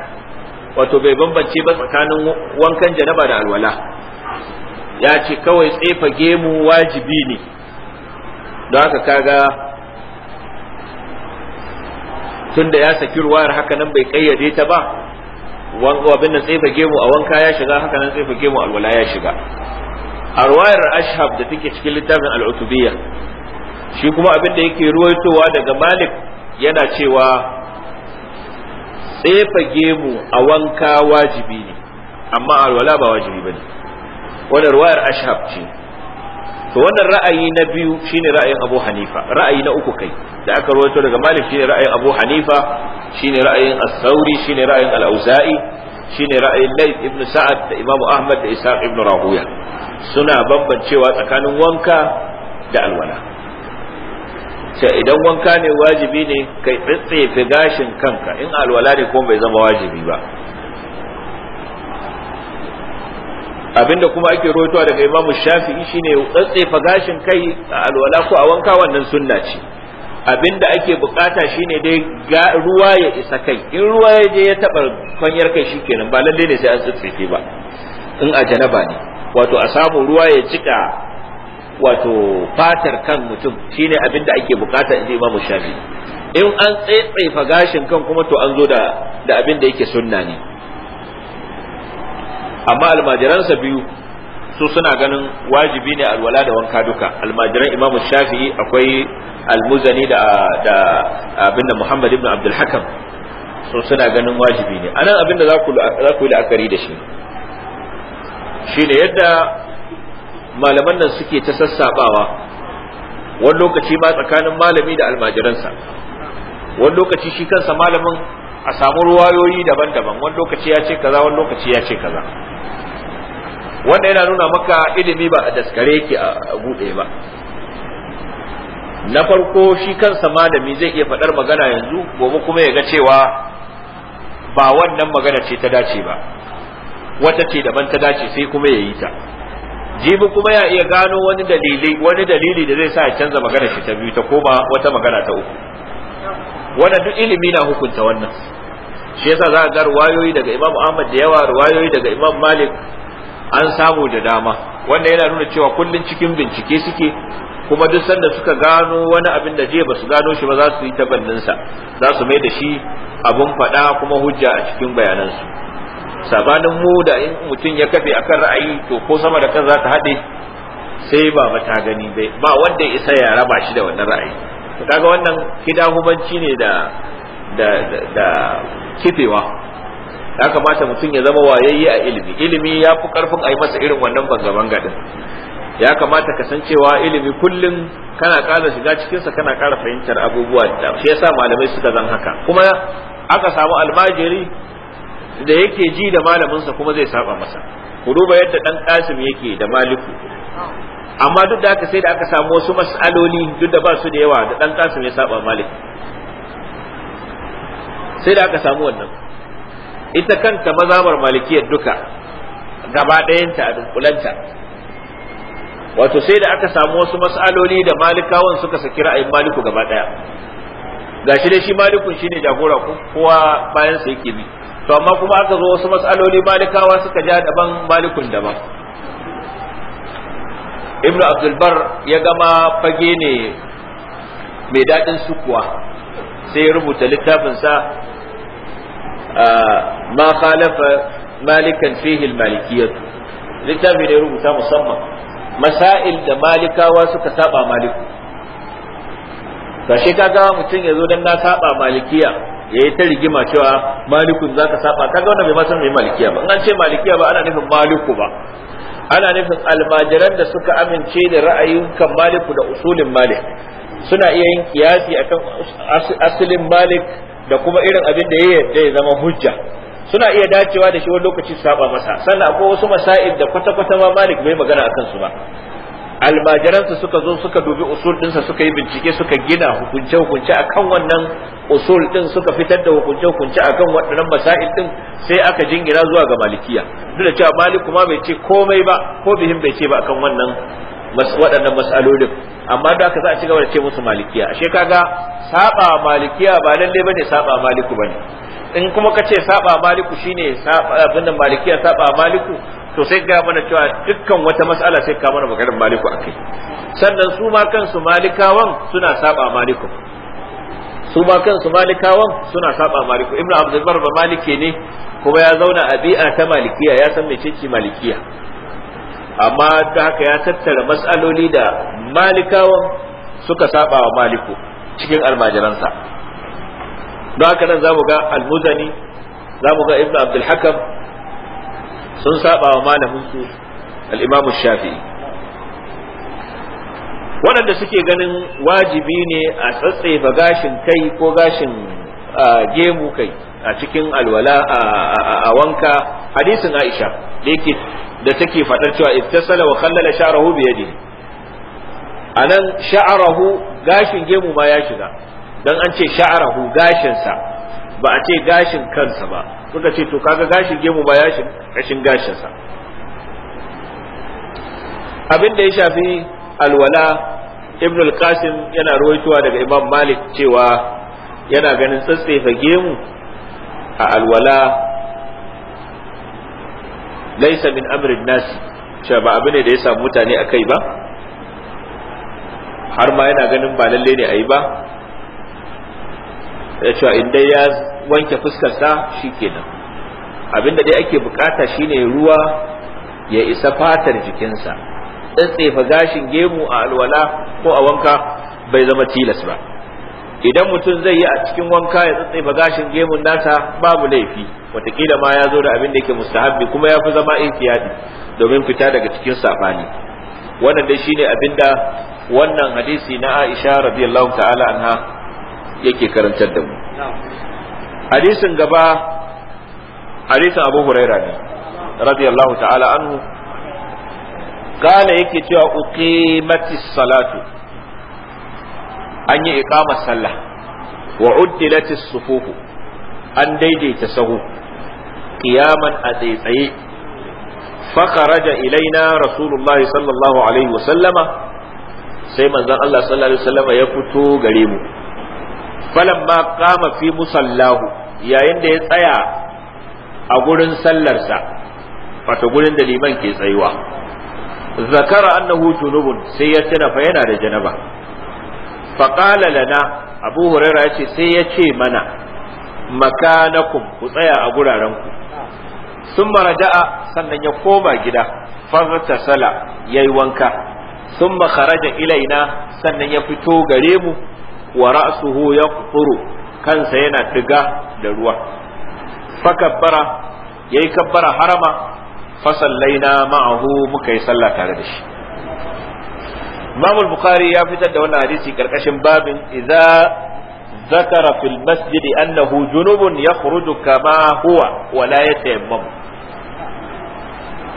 wato bai bambance ba tsakanin wankan janaba da alwala ya ce kawai tsefa gemu wajibi ne don haka kaga tunda ya saki ruwayar haka nan bai kayyade ta ba abin da tsefa gemu a wanka ya shiga haka nan tsefa gemu alwala ya shiga a ruwayar ashab da take cikin littafin al'utubiyya shi kuma abin da yake ruwaitowa daga malik yana cewa tsefa gemu a wanka wajibi ne amma alwala ba wajibi ba ne wadda ruwayar ashab ce to wannan ra'ayi na biyu shine ra'ayin Abu Hanifa ra'ayi na uku kai da aka rawaito daga Malik shine ra'ayin Abu Hanifa shine ra'ayin As-Sauri shine ra'ayin Al-Auza'i shine ra'ayin Layth ibn Sa'ad da imamu Ahmad da Ishaq ibn Rahuya suna bambancewa tsakanin wanka da alwala sai idan wanka ne wajibi ne kai tsitsefe gashin kanka in alwala ne kuma bai zama wajibi ba abinda kuma ake roitowa daga imamu shafi'i shine tsitsefe gashin kai a alwala ko a wanka wannan sunna ce abinda ake bukata shine dai ruwa ya isa kai in ruwa ya je ya taba kwanyar kai kenan ba lalle ne sai an tsitsefe ba in a janaba ne wato a samu ruwa ya cika wato fatar kan mutum shine abin da ake bukata in imamu shafi in an tsaitsaifa gashin kan kuma to an zo da da abin da yake sunna ne amma almajiransa biyu su suna ganin wajibi ne alwala da wanka duka almajiran imamu shafi akwai almuzani da da abin da muhammad ibn abdul hakam su suna ganin wajibi ne anan abin da za ku yi la'akari da shi shine yadda malaman nan suke ta sassabawa wani lokaci ma tsakanin malami da almajiransa wani lokaci shi kansa malamin a samu ruwayoyi daban-daban wani lokaci ya ce kaza wani lokaci ya ce kaza wanda yana nuna maka ilimi ba a daskare yake a buɗe ba na farko shi kansa malami zai iya faɗar magana yanzu gobe kuma ya ga cewa ba wannan magana ce ta dace ba wata ce daban ta dace sai kuma ya yi ta jibi kuma ya iya gano wani dalili wani dalili da zai sa ya canza magana shi ta biyu ta koma wata magana ta uku wannan duk ilimi na hukunta wannan shi yasa za a ga ruwayoyi daga Imam Ahmad da yawa ruwayoyi daga Imam Malik an samu da dama wanda yana nuna cewa kullun cikin bincike suke kuma duk sanda suka gano wani abin da je su gano shi ba za su yi sa za su mai da shi abin faɗa kuma hujja a cikin bayanansu sabanin mu da in mutum ya kafe akan ra'ayi to ko sama da kan za ta haɗe sai ba ta gani bai ba wanda ya isa ya raba shi da wannan ra'ayi to kaga wannan kidahumanci ne da da da kifewa ya kamata mutum ya zama wayayye a ilimi ilimi ya fi karfin a yi masa irin wannan bangaban gadin ya kamata ka san cewa ilimi kullum kana ƙara shiga cikinsa kana ƙara fahimtar abubuwa da shi yasa malamai suka zan haka kuma aka samu almajiri da yake ji da malaminsa kuma zai saba masa ku duba yadda dan kasim yake da maliku amma duk da aka sai da aka samu wasu mas'aloli duk da ba su da yawa da dan kasim ya saba maliku sai da aka samu wannan ita kanta mazabar malikiyar duka gaba ɗayanta a dunkulanta wato sai da aka samu wasu mas'aloli da malikawan suka saki ra'ayin maliku gaba ɗaya gashi dai shi malikun shine jagora kowa bayan sa yake bi to amma kuma aka zo wasu matsaloli malikawa suka ja daban malikun daban ibnu abdulbar ya gama fage ne mai daɗin sukuwa sai ya rubuta littafinsa ma khalafa malikan fihi malikiyar littafi ne rubuta musamman masail da malikawa suka saba maliku kashe kaga mutum ya zo don na saba malikiya yayi ta rigima cewa malikun ka saba kaga wannan bai ma mai malikiya ba in an ce malikiya ba ana nufin maliku ba ana nufin almajiran da suka amince da ra'ayin kan maliku da usulin malik suna iya yin kiyasi akan asalin malik da kuma irin abin da ya yarda ya zama hujja suna iya dacewa da shi wani lokaci saba masa sannan akwai wasu mas'ain da kwata-kwata ma malik bai magana akan su ba almajiransa suka zo suka dubi usul dinsa suka yi bincike suka gina hukunce hukunce akan wannan usul din suka fitar da hukunce hukunce akan waɗannan masail din sai aka jingira zuwa ga malikiya duk da cewa maliku ma bai ce komai ba ko bihin bai ce ba akan wannan waɗannan mas'alolin amma da aka za a ci gaba da ce musu malikiya ashe kaga saba malikiya ba lalle bane saba maliku bane in kuma ka ce saba maliku shine abin da malikiya saba maliku to sai ga mana cewa dukkan wata mas'ala sai ka mana maganar maliku akai sannan su ma kansu malikawan suna saba maliku su ma kansu malikawan suna saba maliku ibnu abdul bar ba malike ne kuma ya zauna a bi'a ta malikiya ya san mecece malikiya amma da haka ya tattara mas'aloli da malikawan suka saba wa maliku cikin almajiransa don haka nan zamu ga almuzani zamu ga ibnu abdul hakam sun saba wa malamin su al Shafi'i waɗanda suke ganin wajibi ne a tsatse ba gashin kai ko gashin gemu kai a cikin alwala a wanka hadisin Aisha da yake da take faɗar cewa ittasala wa khallala sha'rahu bi yadihi anan sha'rahu gashin gemu ma ya shiga dan an ce sha'rahu gashin sa ba a ce gashin kansa ba suka ce to kaga gashin gemu ba yashin kashin gashinsa abin da ya shafi alwala ibn al yana ruwaitowa daga imam malik cewa yana ganin tsatsefa gemu a alwala laisa min amrin nasi cewa ba abin ne da ya samu mutane a kai ba har ma yana ganin ba lalle ne a yi ba da cewa in ya wanke fuskarsa shikenan da dai ake bukata shine ruwa ya isa fatar jikinsa tsefa gashin gemu a alwala ko a wanka bai zama tilas ba idan mutum zai yi a cikin wanka ya tsatsefa gashin gemun nasa babu laifi watakila ma ya zo da abin da yake mustahabbi kuma ya fi zama ihtiyadi domin fita daga cikin safani wannan dai shine abinda wannan hadisi na Aisha radiyallahu ta'ala anha yake karantar da mu hadisin gaba hadisin abu huraira ne radiyallahu ta'ala anhu gala yake cewa uqimatis salatu an yi iqamar sallah wa uddilatis sufufu an daidaita sahu qiyaman a tsaitsaye فخرج إلينا رسول الله صلى الله sai manzon Allah sallallahu alaihi wasallam ya fito gare mu falamma kama fi musallahu yayin da ya tsaya a gurin sallarsa wato gurin da liman ke tsayuwa zakara annahu tunubun sai ya tuna fa yana da janaba fa qala lana abu huraira yace sai ya ce mana makanakum ku tsaya a guraren ku sun maraja'a sannan ya koma gida farta sala yayi wanka sun kharaja ilaina sannan ya fito gare mu wa ra'suhu yaqfuru kansa yana diga da ruwa fa kabbara yayi kabbara harama fa sallaina ma'ahu muka yi sallah tare da shi Imam bukhari ya fitar da wannan hadisi karkashin babin idza fil masjid annahu junubun yakhruju kama huwa wa la yatayammam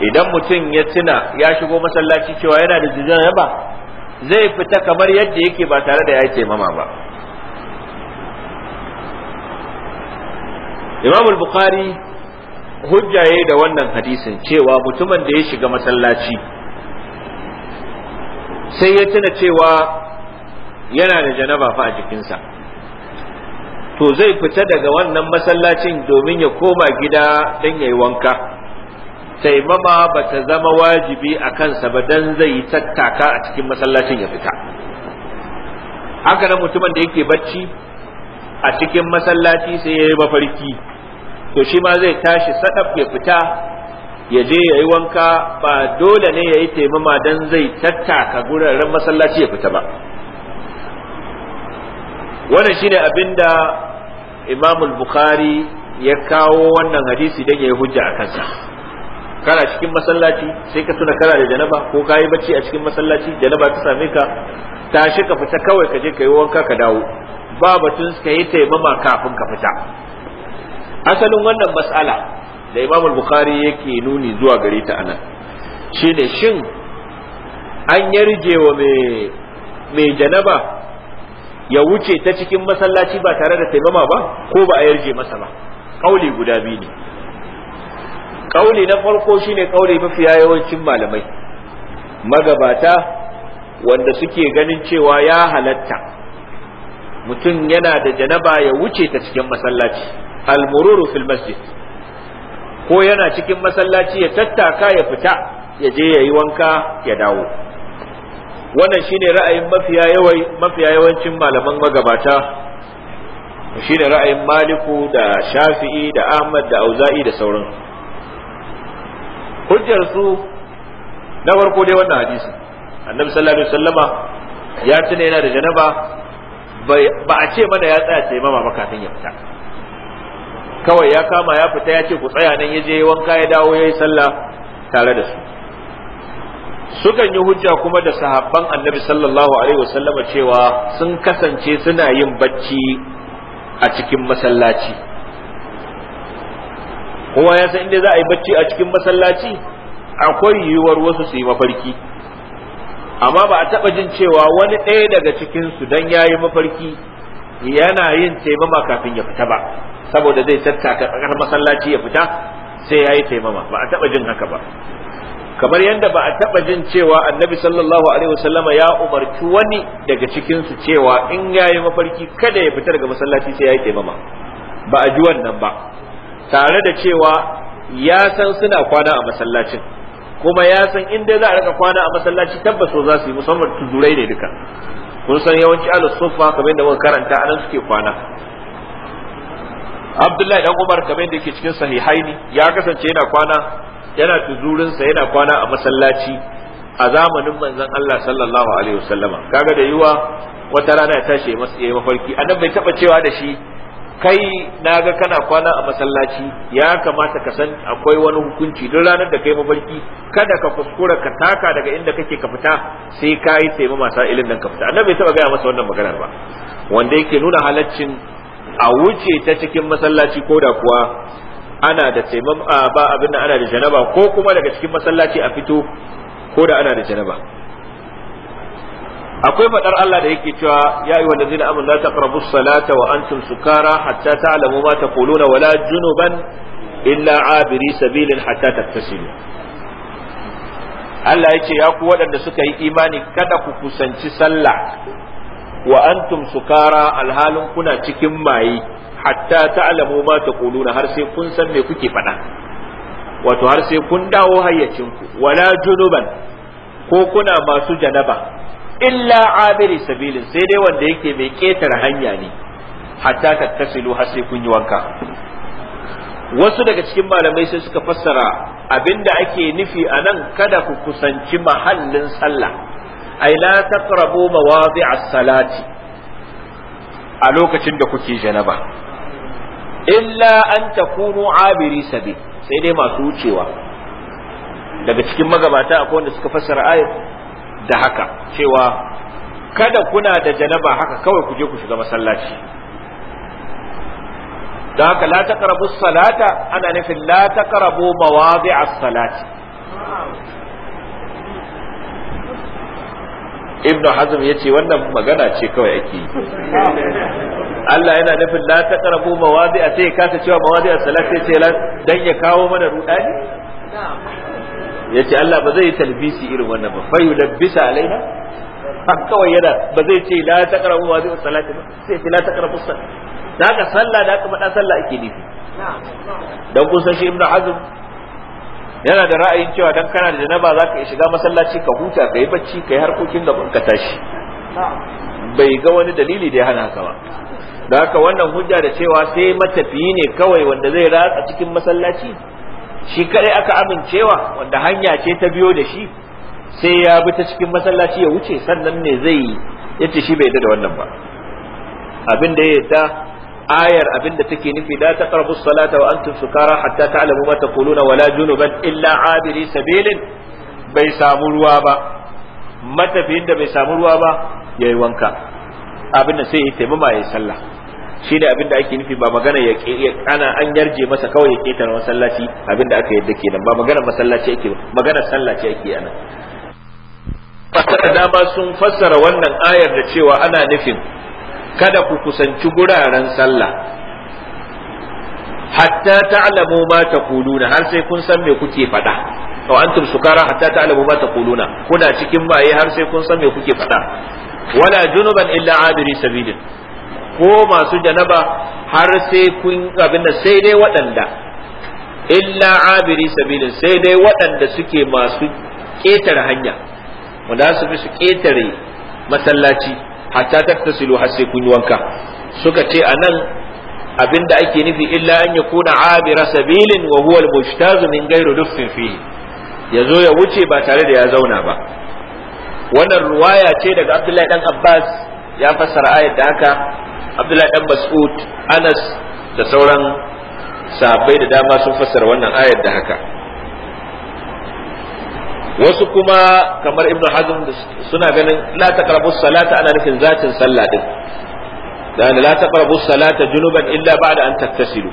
idan mutum ya tuna ya shigo masallaci cewa yana da zizan ba zai fita kamar yadda yake ba tare da ya taimama ba imam bukhari hujjaye da wannan hadisin cewa mutumin da ya shiga masallaci sai ya tuna cewa yana da janaba fa a jikinsa to zai fita daga wannan masallacin domin ya koma gida don ya yi wanka taimama ba ta zama wajibi a kansa ba don zai yi tattaka a cikin masallacin ya fita haka na mutumin da yake bacci a cikin masallaci sai ya yi mafarki to shi ma zai tashi sadaf ya fita ya je ya yi wanka ba dole ne ya yi taimama don zai tattaka guraren masallaci ya fita ba wannan shine da imamul bukhari ya kawo wannan hadisi don ya yi hujja a kansa kana cikin masallaci sai ka tuna kana da janaba ko ka yi bacci a cikin masallaci janaba ta same ka tashi ka fita kawai ka je ka yi wanka ka dawo ba batun ka yi taimama kafin ka fita asalin wannan mas'ala da imam bukhari yake nuni zuwa gare ta anan shine shin an yarje wa mai janaba ya wuce ta cikin masallaci ba tare da taimama ba ko ba a yarje masa ba kauli guda biyu ne kauli na farko shine kauli mafiya yawancin malamai magabata wanda suke ganin cewa ya halatta mutum yana da janaba ya wuce ta cikin masallaci almururu fil masjid ko yana cikin masallaci ya tattaka ya fita ya je ya yi wanka ya dawo wannan shine ra'ayin mafiya yawancin malaman magabata shine ra'ayin maliku da shafi'i da ahmad da auza'i da sauran hujjar su na farko dai wannan hadisi annabi sallallahu alaihi wasallama ya tuna yana da janaba ba a ce mana ya tsaya sai mama kafin ya fita kawai ya kama ya fita ya ce ku tsaya nan ya je wanka ya dawo yayi yi sallah tare da su sukan yi hujja kuma da sahabban annabi sallallahu alaihi wasallama cewa sun kasance suna yin bacci a cikin masallaci kowa ya san inda za a yi bacci a cikin masallaci akwai yiwuwar wasu su yi mafarki amma ba a taɓa jin cewa wani ɗaya daga cikinsu don ya yi mafarki yana yin taimama kafin ya fita ba saboda zai tattaka tsakar masallaci ya fita sai ya yi taimama ba a taɓa jin haka ba kamar yadda ba a taɓa jin cewa annabi sallallahu alaihi wasallama ya umarci wani daga cikinsu cewa in ya yi mafarki kada ya fita daga masallaci sai ya yi taimama ba a ji wannan ba tare da cewa ya san suna kwana a masallacin kuma ya san inda za a rika kwana a masallaci tabbas za su yi musamman tuzurai ne duka kun san yawanci al sufa kamar da muka karanta anan suke kwana Abdullahi dan Umar kamar da yake cikin sahihaini ya kasance yana kwana yana tuzurinsa yana kwana a masallaci a zamanin manzon Allah sallallahu alaihi wasallama kaga da yiwa wata rana ya tashi ya yi mafarki annabi bai taba cewa da shi kai na ga kana kwana a masallaci ya kamata ka san akwai wani hukunci duk ranar da kai mafarki kada ka kuskura ka taka daga inda kake ka fita sai ka yi sai ilin nan ka fita annabi bai taba gaya masa wannan maganar ba wanda yake nuna halaccin a wuce ta cikin masallaci ko da kuwa ana da taimam ba abin ana da janaba ko kuma daga cikin masallaci a fito ko da ana da janaba akwai faɗar Allah da yake cewa ya ayyuhal ladzina amanu la taqrabu salata wa antum sukara hatta ta'lamu ma taquluna wa junuban illa abiri sabilin hatta tattasilu Allah ya ce ya ku waɗanda suka yi imani kada ku kusanci sallah wa antum sukara alhalin kuna cikin maye hatta ta'lamu ma taquluna har sai kun san me kuke faɗa wato har sai kun dawo hayyacinku wala junuban ko kuna masu janaba illa abiri sabilin sai dai wanda yake mai ketar hanya ne hatta tasilu har sai kun yi wanka wasu daga cikin malamai sai suka fassara abinda ake nufi a nan kada ku kusanci mahallin sallah ai la taqrabu mawadi'as salati a lokacin da kuke janaba illa an takunu abiri sai dai masu wucewa daga cikin magabata akwai wanda suka fassara ayat da haka cewa kada kuna da janaba haka kawai ku je ku shiga masallaci da haka la taqrabu salata ana nufin la taqrabu mawadi'a salati ibnu hazm yace wannan magana ce kawai ake yi Allah yana nufin la taqrabu a sai kasa cewa mawadi'a salati sai dan ya kawo mana rudani yace Allah ba zai talbisi irin wannan ba fa yulabbisa alaina kawai yana ba zai ce la taqrabu wa zai salati ba sai ce la taqrabu salati da ka sallah da ka faɗa sallah ake nufi dan kun san shi ibnu hazm yana da ra'ayin cewa dan kana da janaba zaka iya shiga masallaci ka huta kai bacci kai harkokin gaban ka tashi bai ga wani dalili da ya hana haka ba da haka wannan hujja da cewa sai matafiyi ne kawai wanda zai ratsa cikin masallaci shi kadai aka amincewa wanda hanya ce ta biyo da shi sai ya bi ta cikin masallaci ya wuce sannan ne zai yi, yace shi bai da wannan ba abin da ya yadda ayar abin da take nufi la taqrabu salata wa antum sukara hatta ta'lamu ma taquluna wala junuban illa abiri sabilin bai samu ruwa ba matafiyin da bai samu ruwa ba yayi wanka abin da sai ya taimama yayi sallah shi ne abinda ake nufi ba magana ya ana an yarje masa kawai ya na masallaci abinda aka yadda kenan ba magana masallaci ake ba magana sallaci ake ana fasara dama sun fassara wannan ayar da cewa ana nufin kada ku kusanci guraren sallah hatta ta'lamu ma taquluna har sai kun san me kuke faɗa to antum sukara hatta ta'lamu ma taquluna kuna cikin maye har sai kun san me kuke faɗa wala junuban illa abiri sabilin ko masu janaba har sai kun abin da sai dai waɗanda illa abiri sabilin sai dai waɗanda suke masu ƙetare hanya wanda su fi su ƙetare masallaci hatta tasilu har sai kun wanka suka ce a nan abin da ake nufi illa an ya kuna abira sabilin wa huwa al-mujtazu min gairu dufin fihi ya zo ya wuce ba tare da ya zauna ba wannan ruwaya ce daga abdullahi dan abbas ya fassara ayat da haka abdullahi dan mas'ud anas da sauran sahabbai da dama sun fassara wannan ayar da haka wasu kuma kamar Ibn hazm suna ganin la taqrabu salata ana nufin zatin sallah din dan la taqrabu salata junuban illa ba'da an taktasilu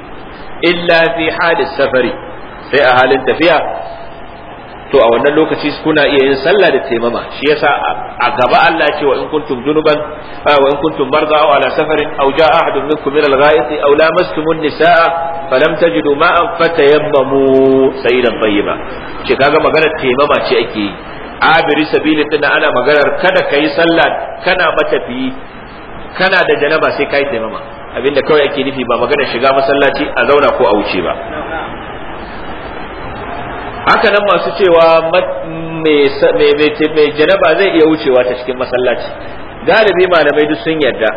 illa fi hali safari sai a halin tafiya to a wannan lokaci kuna iya yin sallah da taimama shi yasa a gaba Allah ya ce wa in kuntum junuban wa in kuntum marza aw ala safarin aw jaa ahadun minkum min al-ghaithi aw lamastumun nisaa falam tajidu ma'an fatayammamu sayyidan tayyiba ce kaga maganar taimama ce ake yi abiri sabili tunda ana maganar kada kai sallah kana matafi kana da janaba sai kai taimama abinda kawai ake nufi ba maganar shiga masallaci a zauna ko a wuce ba haka nan masu cewa mai janaba zai iya wucewa ta cikin masallaci galibi malamai duk sun yarda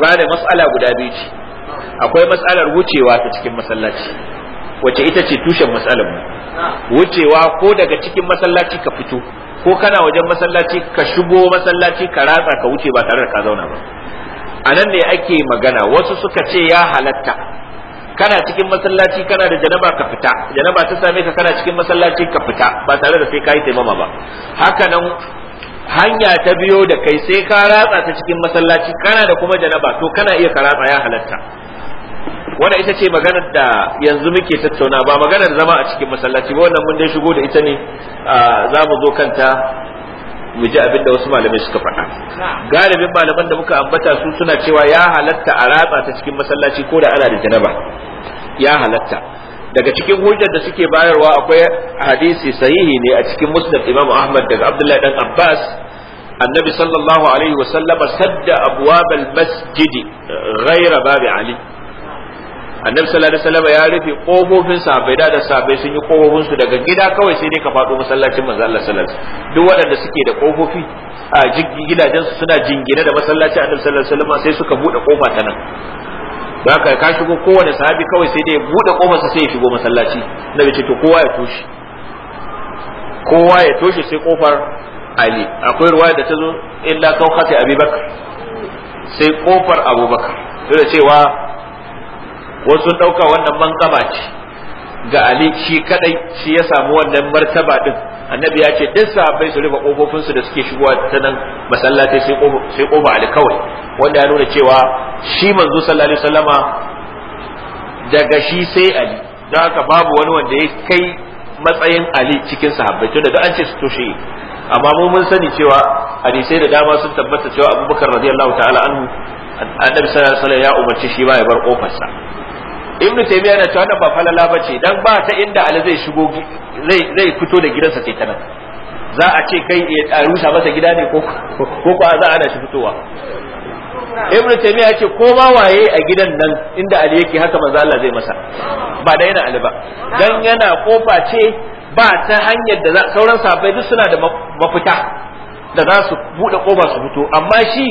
da matsala guda biyu ce akwai matsalar wucewa ta cikin masallaci wacce ita ce tushen matsalar mu wucewa ko daga cikin masallaci ka fito ko kana wajen masallaci ka shigo masallaci ka ratsa ka wuce ba tare da ka zauna ba a nan ne ake magana wasu suka ce ya halatta kana cikin masallaci kana da janaba ka fita janaba ta same ka kana cikin masallaci ka fita ba tare da sai kai taimama ba haka nan hanya ta biyo da kai sai ka ratsa ta cikin masallaci kana da kuma janaba to kana iya ka ratsa ya halatta wannan ita ce maganar da yanzu muke tattauna ba maganar zama a cikin masallaci ba wannan mun dai shigo da ita ne za mu zo kanta mu ji abin da wasu malamai suka faɗa galibin malaman da muka ambata su suna cewa ya halatta a ratsa ta cikin masallaci ko da ana da janaba ya halatta daga cikin hujjar da suke bayarwa akwai hadisi sahihi ne a cikin musnad imam ahmad daga abdullahi dan abbas annabi sallallahu alaihi wa sallama sadda abwabal masjidi ghaira babi ali annabi sallallahu alaihi wasallam ya rufe kofofin sahabbai da sahabbai sun yi kofofin su daga gida kawai sai dai ka fado masallacin manzo Allah sallallahu alaihi wasallam duk waɗanda suke da kofofi a gidajen su suna jingine da masallacin annabi sallallahu alaihi wasallam sai suka bude kofa ta nan da haka ka shigo kowane sahabi kawai sai dai ya bude kofarsa sai ya shigo masallaci nabi ce to kowa ya toshe kowa ya toshe sai kofar Ali akwai ruwaya da ta zo illa kawkati Abubakar sai kofar Abubakar dole cewa wasu sun ɗauka wannan manƙaba ce ga ali shi kadai shi ya samu wannan martaba din annabi ya ce duk sahabbai su rufe kofofin su da suke shigowa ta nan masallaci sai sai kofa ali kawai wanda ya nuna cewa shi manzo sallallahu alaihi wasallama daga shi sai ali don haka babu wani wanda ya kai matsayin ali cikin sahabbai to daga an ce su toshe amma mu mun sani cewa hadisai da dama sun tabbata cewa abubakar radiyallahu ta'ala anhu annabi sallallahu alaihi wasallam ya umarci shi ba ya bar kofarsa ibnu taymiya na cewa ba falala bace dan ba ta inda ali zai shigo zai zai fito da gidansa sai tana za a ce kai ya eh, rusa masa gida ne ko ko ko za a ana shi fitowa ibnu taymiya yace ko ba waye a gidan nan inda ali yake haka manzo Allah zai masa ba da yana ali ba dan yana kofa ce ba ta hanyar da sauran sahabbai duk suna da mafita da za su bude koba su fito amma shi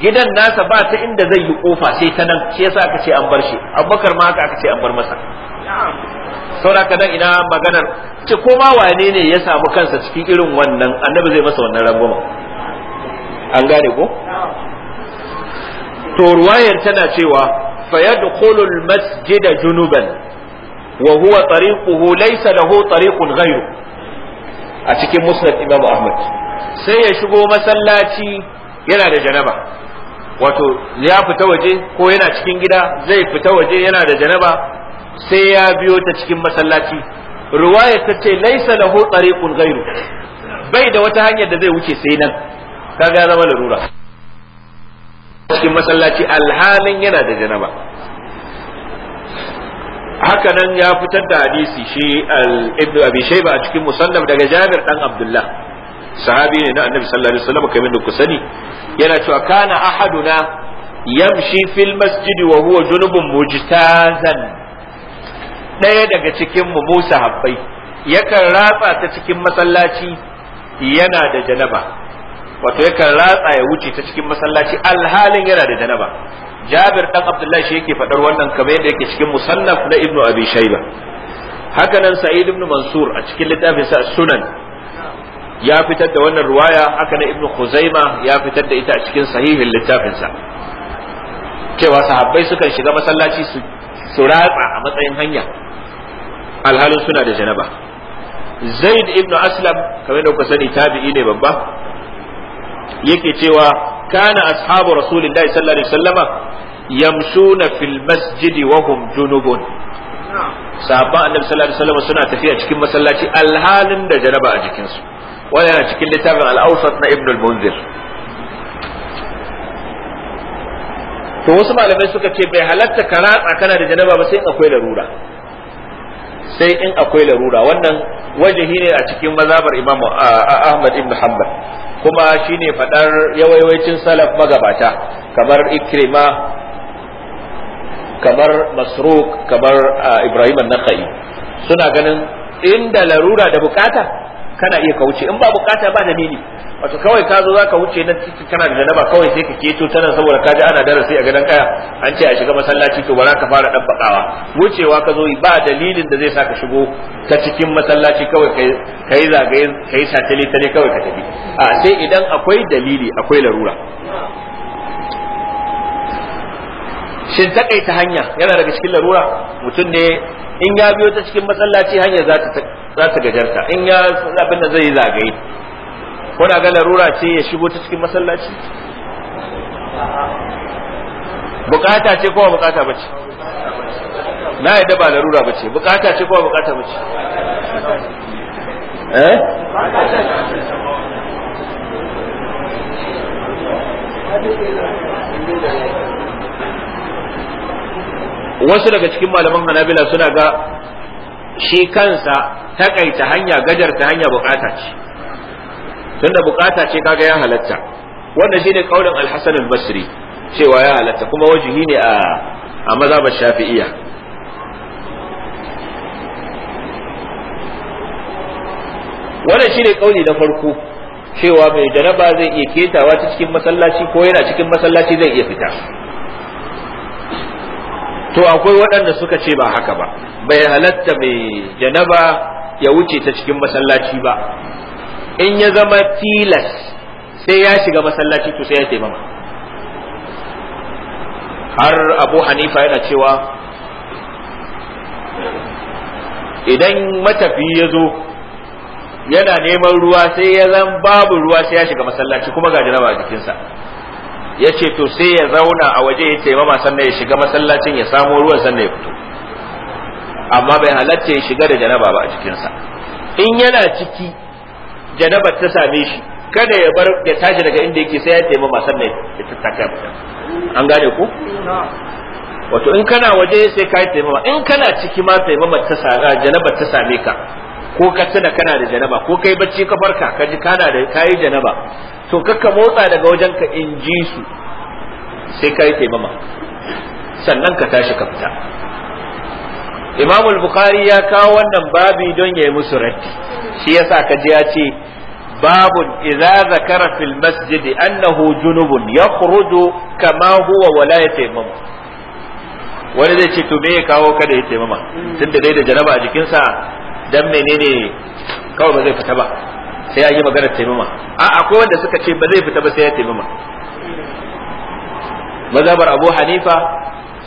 gidan nasa ba ta inda zai yi kofa sai ta nan shi yasa aka ce an bar shi abubakar ma haka aka ce an bar masa ka dan ina maganar ce ko ma wane ne ya samu kansa cikin irin wannan annabi zai masa wannan rangwama an gane ko to ruwayar tana cewa fa yadkhulu al-masjida junuban wa huwa tariquhu laysa lahu tariqun ghayru a cikin musnad imam ahmad sai ya shigo masallaci yana da janaba wato ya fita waje ko yana cikin gida zai fita waje yana da janaba sai ya biyo ta cikin masallaci ruwaya ta ce laisa lahu tariqun ghairu bai da wata hanyar da zai wuce sai nan kaga zama larura cikin masallaci alhalin yana da janaba haka nan ya fitar da hadisi shi al-ibnu abi shayba a cikin musannaf daga Jabir dan Abdullah sahabi ne na annabi sallallahu alaihi wasallam kamar da ku sani yana cewa kana ahaduna yamshi fil masjidi wa huwa junubun mujtazan daya daga cikin mu Musa habbai yakan ratsa ta cikin masallaci yana da janaba wato yakan ratsa ya wuce ta cikin masallaci alhalin yana da janaba Jabir dan Abdullahi shi yake faɗar wannan kamar yadda yake cikin musannaf na Ibn Abi Shayba haka nan Sa'id ibn Mansur a cikin littafin sa Sunan ya fitar da wannan ruwaya haka na ibnu khuzaima ya fitar da ita a cikin sahihin littafinsa cewa sahabbai sukan shiga masallaci su ratsa a matsayin hanya alhalin suna da janaba zaid ibn aslam kamar da kuka sani tabi'i ne babba yake cewa kana ashabu rasulillahi sallallahu alaihi wasallama yamshuna fil masjidi wa hum junubun sahabban annabi sallallahu alaihi wasallama suna tafiya cikin masallaci alhalin da janaba a jikinsu yana cikin littafin al na ibn al-munzir to wasu malamai suka ce bai halatta ka kana da janaba ba sai in akwai larura sai in akwai larura wannan wajahi ne a cikin mazabar imam ahmad ibn hanbal kuma shine fadar yawaiwacin salaf magabata kamar ikrima kamar masruk kamar ibrahim an naqai suna ganin inda larura da bukata kana iya ka wuce in ba bukata ba dalili wato kawai ka zo zaka wuce nan kana da janaba kawai sai ka keto ta nan saboda ka ji ana darasi a gadon kaya an ce a shiga masallaci to bara ka fara dabbakawa wucewa ka zo ba dalilin da zai sa ka shigo ta cikin masallaci kawai kai zagaye kai ta ne kawai ka tafi a sai idan akwai dalili akwai larura shin takaita hanya yana daga cikin larura mutum ne in ya biyo ta cikin masallaci hanyar za ta gajarta in ya abin da zai zagaye na ga larura ce ya shigo ta cikin masallaci bukata ce kowa bukata bace na yadda ba larura bace bukata ce kowa bukata bace eh Thank you. wasu daga cikin malaman hanabila suna ga shi kansa takaita hanya gajar ta hanya bukata ce tunda bukata ce kaga ya halatta wannan shine kaulin al-hasan al-basri cewa ya halatta kuma wajihi ne a a mazhabar shafi'iyya wannan shine kauli na farko cewa mai janaba zai iya ketawa ta cikin masallaci ko yana cikin masallaci zai iya fita to akwai waɗanda suka ce ba haka ba bai halatta mai janaba ya wuce ta cikin masallaci ba in ya zama tilas sai ya shiga masallaci to sai ya taimama har abu hanifa yana cewa idan matafi ya zo yana neman ruwa sai ya zan babu ruwa sai ya shiga masallaci kuma ga janaba a jikinsa ya ce to sai ya zauna a waje ya taimama sannan ya shiga masallacin ya samo ruwan sannan ya fito amma bai halatta ya shiga da janaba ba a cikinsa in yana ciki janabar ta same shi kada ya bar ya tashi daga inda yake sai ya taimama sannan ya tattaka ya fita an gane ku wato in kana waje sai ka yi taimama in kana ciki ma taimama ta janabar ta same ka ko ka tuna kana da janaba ko kai bacci ka farka ka ji kana da kayi janaba to kakka motsa daga wajen ka in ji su sai kai taimama sannan ka tashi ka fita imamul bukhari ya kawo wannan babi don yayi musu raddi shi yasa ka ji ya ce babun idza zakara fil masjid annahu junubun yakhruju kama huwa wala wani zai ce to me ya kawo kada ya taimama tunda dai da janaba a jikinsa dan menene kawai ba zai fita ba sai ya yi maganar taimama a akwai wanda suka ce ba zai fita ba sai ya taimama mazhabar abu hanifa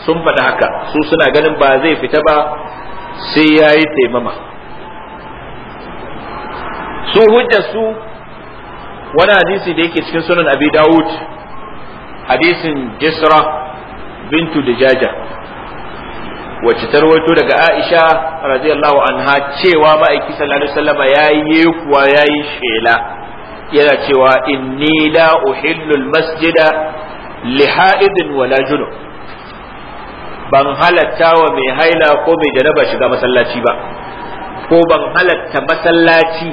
sun faɗi haka su suna ganin ba zai fita ba sai ya yi taimama su hujja su wani hadisi da yake cikin sunan abi dawud hadisin jisra bintu Jaja. wacce ta rawaito daga Aisha radiyallahu anha cewa ma'aiki sallallahu alaihi wasallam yayi yekuwa yayi shela yana cewa inni la uhillu almasjida li ha'idin wala junub ban halatta wa mai haila ko mai janaba shiga masallaci ba ko ban halatta masallaci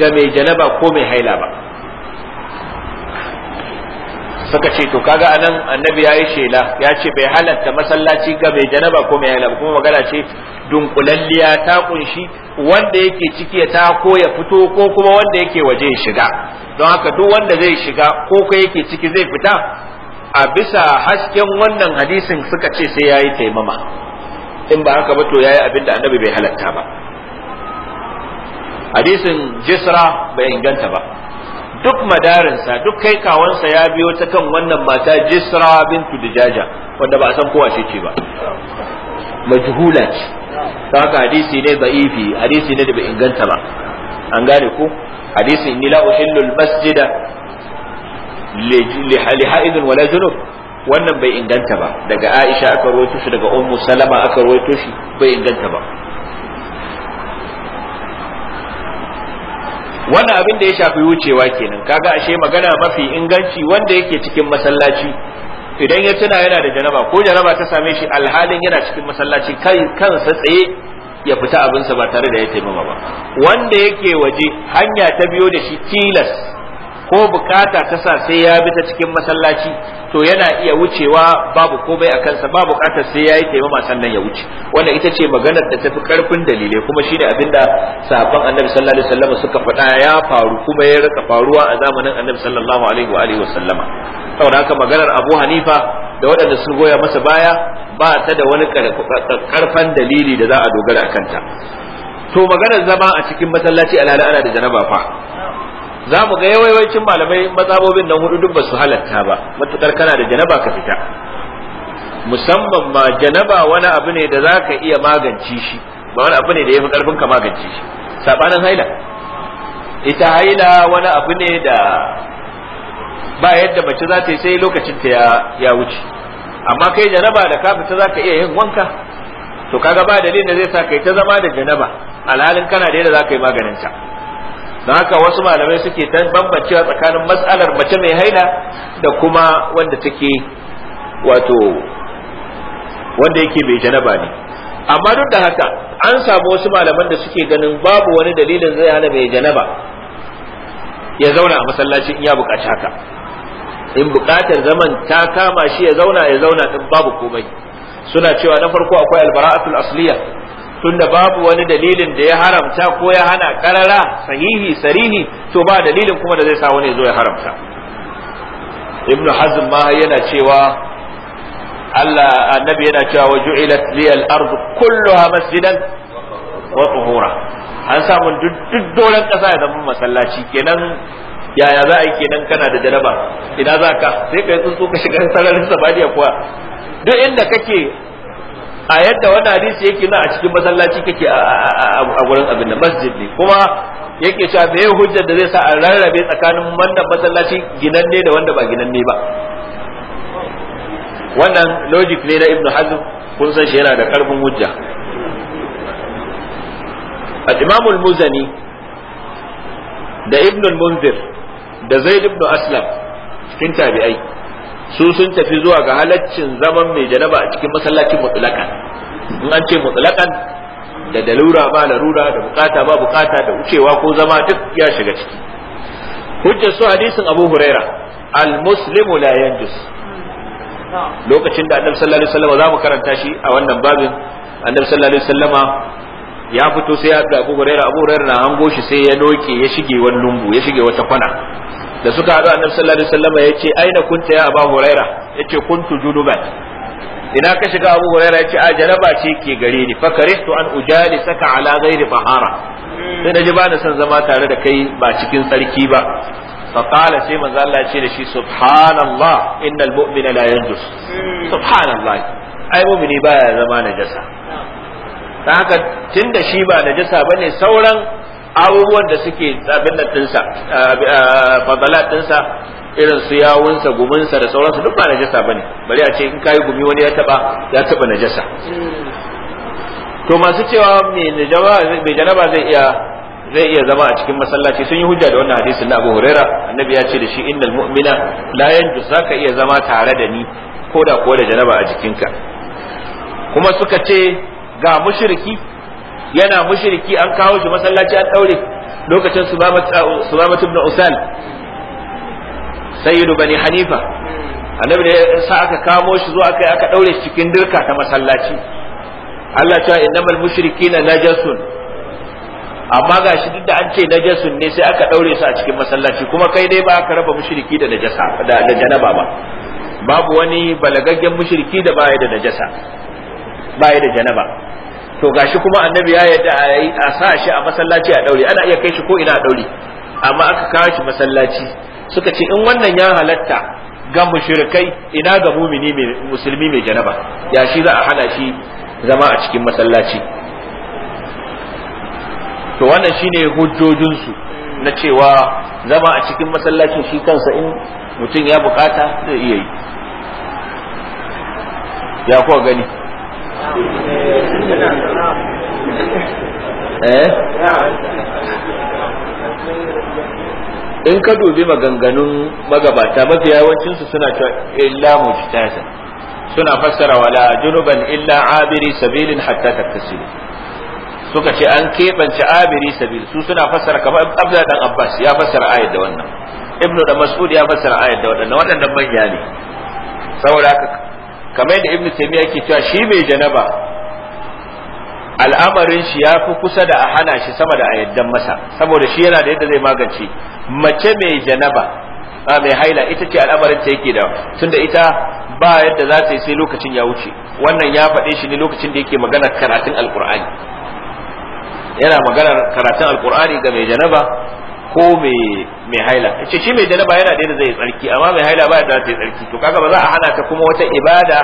ga mai janaba ko mai haila ba suka ce to kaga anan annabi yayi shela ya ce bai halatta masallaci ga mai janaba ko mai halal kuma magana ce dunkulalliya ta kunshi wanda yake ciki ya ko ya fito ko kuma wanda yake waje ya shiga don haka duk wanda zai shiga ko kai yake ciki zai fita a bisa hasken wannan hadisin suka ce sai yayi taimama in ba haka ba to yayi abin da annabi bai halatta ba hadisin jisra bai inganta ba duk madarinsa duk kai kawansa ya biyo ta kan wannan mata jisra bintu dijaja wanda ba a san kowa ce ba majhula ce ta haka hadisi ne ifi, hadisi ne da bai inganta ba an gane ko hadisi inni la uhillul almasjida li ha'idin wala junub wannan bai inganta ba daga Aisha aka rawaito shi daga Ummu Salama aka rawaito shi bai inganta ba wannan abin da ya shafi wucewa kenan kaga ashe magana mafi inganci wanda yake cikin masallaci idan ya tuna yana da janaba ko janaba ta same shi alhalin yana cikin masallaci kai kansa tsaye ya fita abinsa ba tare da ya taimaka ba wanda yake waje hanya ta biyo da shi tilas ko bukata ta sa sai ya bi ta cikin masallaci to yana iya wucewa babu komai a kansa ba bukatar sai ya yi taimama sannan ya wuce Wanda ita ce maganar da tafi karfin dalilai kuma shi shine abinda sahabban annabi sallallahu alaihi wasallam suka faɗa ya faru kuma ya raka faruwa a zamanin annabi sallallahu alaihi wa alihi wasallama saboda haka maganar Abu Hanifa da waɗanda sun goya masa baya ba ta da wani karfan dalili da za a dogara a kanta to maganar zama a cikin masallaci alhali ana da janaba fa za mu ga yawancin malamai mazhabobin nan hudu duk ba su halatta ba matukar kana da janaba ka fita musamman ma janaba wani abu ne da za ka iya magance shi ba wani abu ne da ya fi karfin ka magance shi sabanin haila ita haila wani abu ne da ba yadda mace za ta yi sai lokacin ta ya wuce amma kai janaba da ka fita za ka iya yin wanka to kaga ba dalilin da zai sa kai ta zama da janaba alhalin kana da yadda za ka yi maganin ta don haka wasu malamai suke ta bambancewa tsakanin matsalar mace mai haila da kuma wanda take wato wanda yake mai janaba ne amma duk da haka an samu wasu malaman da suke ganin babu wani dalilin zai hana mai janaba ya zauna a masallaci in ya bukaci haka in bukatar zaman ta kama shi ya zauna ya zauna din babu komai suna cewa na farko akwai albara'atul asliya tunda babu wani dalilin da ya haramta ko ya hana karara sahihi sarihi to ba dalilin kuma da zai sa wani zo ya haramta ibn hazm ma yana cewa Allah annabi yana cewa wa ju'ilat al-ard kulluha masjidan wa tuhura an samu duk doron kasa ya zama masallaci kenan yaya za a yi kenan kana da jaraba ina za ka sai kai tsuntsu ka shiga sararin sabaniya kuwa duk inda kake a yadda wannan hadisi yake na a cikin masallaci kake a gurin abin da masjid ne kuma yake cewa me hujjar da zai sa a rarrabe tsakanin wannan masallaci ginanne da wanda ba ginanne ba wannan logic ne na ibnu hazm kun san shi yana da karfin hujja A imam muzani da ibnu al-munzir da zaid ibn aslam cikin tabi'ai su sun tafi zuwa ga halaccin zaman mai janaba a cikin masallacin mutlaqan in an ce mutlakan da dalura ba larura da bukata ba bukata da wucewa ko zama duk ya shiga ciki hujjar su hadisin abu huraira al muslimu la yanjus lokacin da annabi sallallahu alaihi wasallam za mu karanta shi a wannan babin annabi sallallahu alaihi wasallama ya fito sai ya ga abu huraira abu huraira na hango shi sai ya doke ya shige wani lungu ya shige wata kwana da suka haɗu annabi sallallahu alaihi wasallam ya ce aina kunta ya abu huraira ya ce kuntu junuban ina ka shiga abu huraira ya ce a janaba ce ke gare ni fa karihtu an ujali saka ala ghairi bahara sai naji ba na son zama tare da kai ba cikin sarki ba fa qala sai manzo Allah ya ce da shi subhanallah innal mu'mina la yanjus subhanallah ai mu'mini baya zama najasa ta haka tunda shi ba najasa bane sauran abubuwan da suke abin da tinsa tinsa irin su yawunsa guminsa da sauransu duk ba najasa ne bari a ce in kayi gumi wani ya taba ya taba najasa to masu cewa mai najaba zai iya zai iya zama a cikin masallaci sun yi hujja da wannan hadisin na Abu Huraira annabi ya ce da shi innal mu'mina la yanju zaka iya zama tare da ni ko da ko da janaba a jikinka kuma suka ce ga mushriki yana mushriki an kawo shi masallaci an daure lokacin sumamat uh, ibn usal sayyidu bani hanifa annabi da sa aka kamo shi zuwa kai aka daure shi cikin dirka ta masallaci Allah ta innamal mushrikina najasun amma ga shi duk da an ce najasun ne sai aka daure su a cikin masallaci kuma kai dai ba ka raba mushriki da najasa da janaba ba babu wani balagaggen mushriki da baya da najasa baya da janaba to gashi kuma annabi ya yadda a yi a sa shi a masallaci a daure ana iya kai shi ko ina a daure amma aka kawo shi masallaci suka ce in wannan ya halatta ga mushrikai ina ga mumini musulmi mai janaba ya shi za a hana shi zama a cikin masallaci to wannan shine su na cewa zama a cikin masallacin shi kansa in mutum ya bukata zai iya yi ya kuwa gani Eh? in ka dubi maganganun magabata mafi yawancinsu suna cewa illa mujtaza suna fassara wala junuban illa abiri sabilin hatta tattasilu suka ce an keɓance abiri sabil su suna fassara kamar abda dan abbas ya fassara ayat da wannan ibnu da mas'ud ya fassara ayat da waɗannan waɗannan manya ne saboda haka kamar yadda ibnu taymiya yake cewa shi mai janaba al'amarin shi ya fi kusa da a hana shi sama da a yaddan masa saboda shi yana da yadda zai magance mace mai janaba Ba mai haila ita ce al'amarin ta yake da tunda ita ba yadda za ta yi sai lokacin ya wuce wannan ya faɗe shi ne lokacin da yake magana karatun alkur'ani yana magana karatun alkur'ani ga mai janaba ko mai haila ce shi mai janaba yana da zai tsarki amma mai haila ba da zai tsarki to kaga ba za a hana ta kuma wata ibada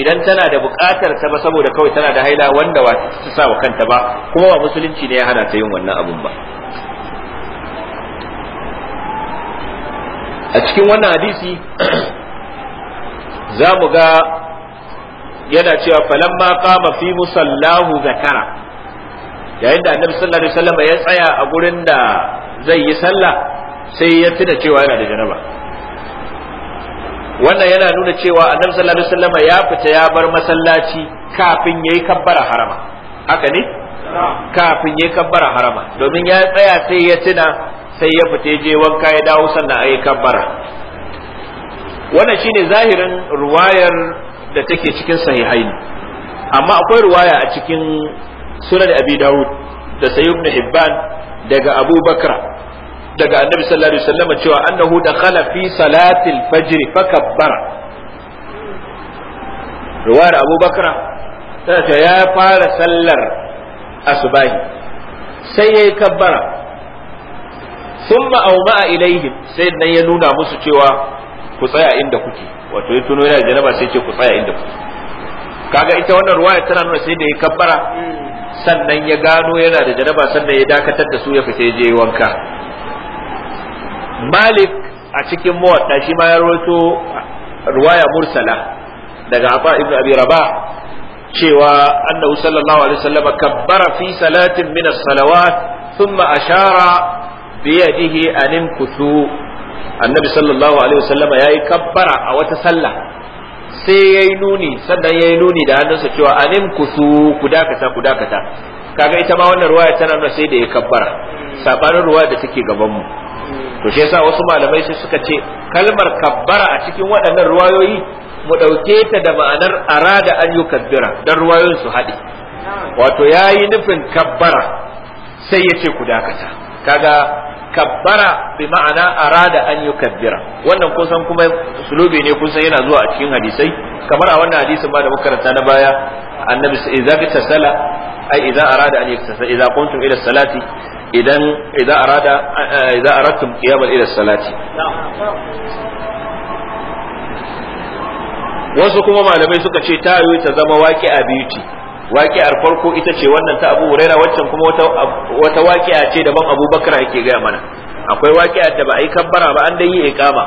idan tana da buƙatar ta ba saboda kawai tana da haila wanda ba ta sa wa kanta ba kuma ba musulunci ne ya hana ta yin wannan abun ba a cikin wannan hadisi za mu ga yana cewa falamma qama fi musallahu zakara yayin da annabi sallallahu alaihi wasallam ya tsaya a gurin da zai yi sallah sai ya tuna cewa yana da janaba wannan yana nuna cewa annabi sallallahu alaihi wasallam ya fita ya bar masallaci kafin yayi kabbara harama haka ne kafin yayi kabbara harama domin ya tsaya sai ya tuna sai ya fita je wanka ya dawo sannan ayi kabbara wannan shine zahirin ruwayar da take cikin sahihaini amma akwai ruwaya a cikin sunan abi daud da sayyid ibn hibban daga Abu Bakra daga Annabi sallallahu alaihi wasallam cewa annahu da dakhala fi salatil fajr kabbara. riwayar Abu Bakra tana cewa ya fara sallar asubahi sai ya yi kabbara sun ma'auma a ilaihim sai nan ya nuna musu cewa ku tsaya inda kuke wato ya tuno yana da janaba sai ce ku tsaya inda kuke kaga ita wannan ruwaya tana nuna sai da ya kabbara mm. sannan ya gano yana da janaba sannan ya dakatar da su ya fita je wanka malik a cikin mawadda shi ma ya rawaito ruwaya mursala daga abba ibn abi rabah cewa annahu sallallahu alaihi wasallam kabbara fi salatin min as-salawat thumma ashara bi yadihi an imkuthu annabi sallallahu alaihi wasallam yayi kabbara a wata sallah sai ya yi nuni sannan ya yi nuni da hannunsa cewa anim kusu ku dakata ku dakata kaga ita ma wannan ruwaya tana nuna sai da ya kabbara sabanin ruwa da take gaban mu to shi yasa wasu malamai sai suka ce kalmar kabbara a cikin waɗannan ruwayoyi mu ɗauke ta da ma'anar arada an yi kabbira dan ruwayoyin su haɗe wato yayi nufin kabbara sai ya ce ku dakata kaga kabbara bi ma'ana arada an yukabbira wannan kusan kuma sulubi ne kusan yana zuwa a cikin hadisai kamar a wannan hadisin ba da makaranta na baya annabi idza tasala ai idza arada an yaktasala idza kuntum ila salati idan idza arada eh, idza aradtum qiyam ila salati wasu kuma malamai suka ce ta ta zama waki a beauty waƙiyar farko ita ce wannan ta abu huraira waccan kuma wata waƙiya ce da abu abubakar yake gaya mana akwai waƙiya da ba a yi kabbara ba an dai yi iqama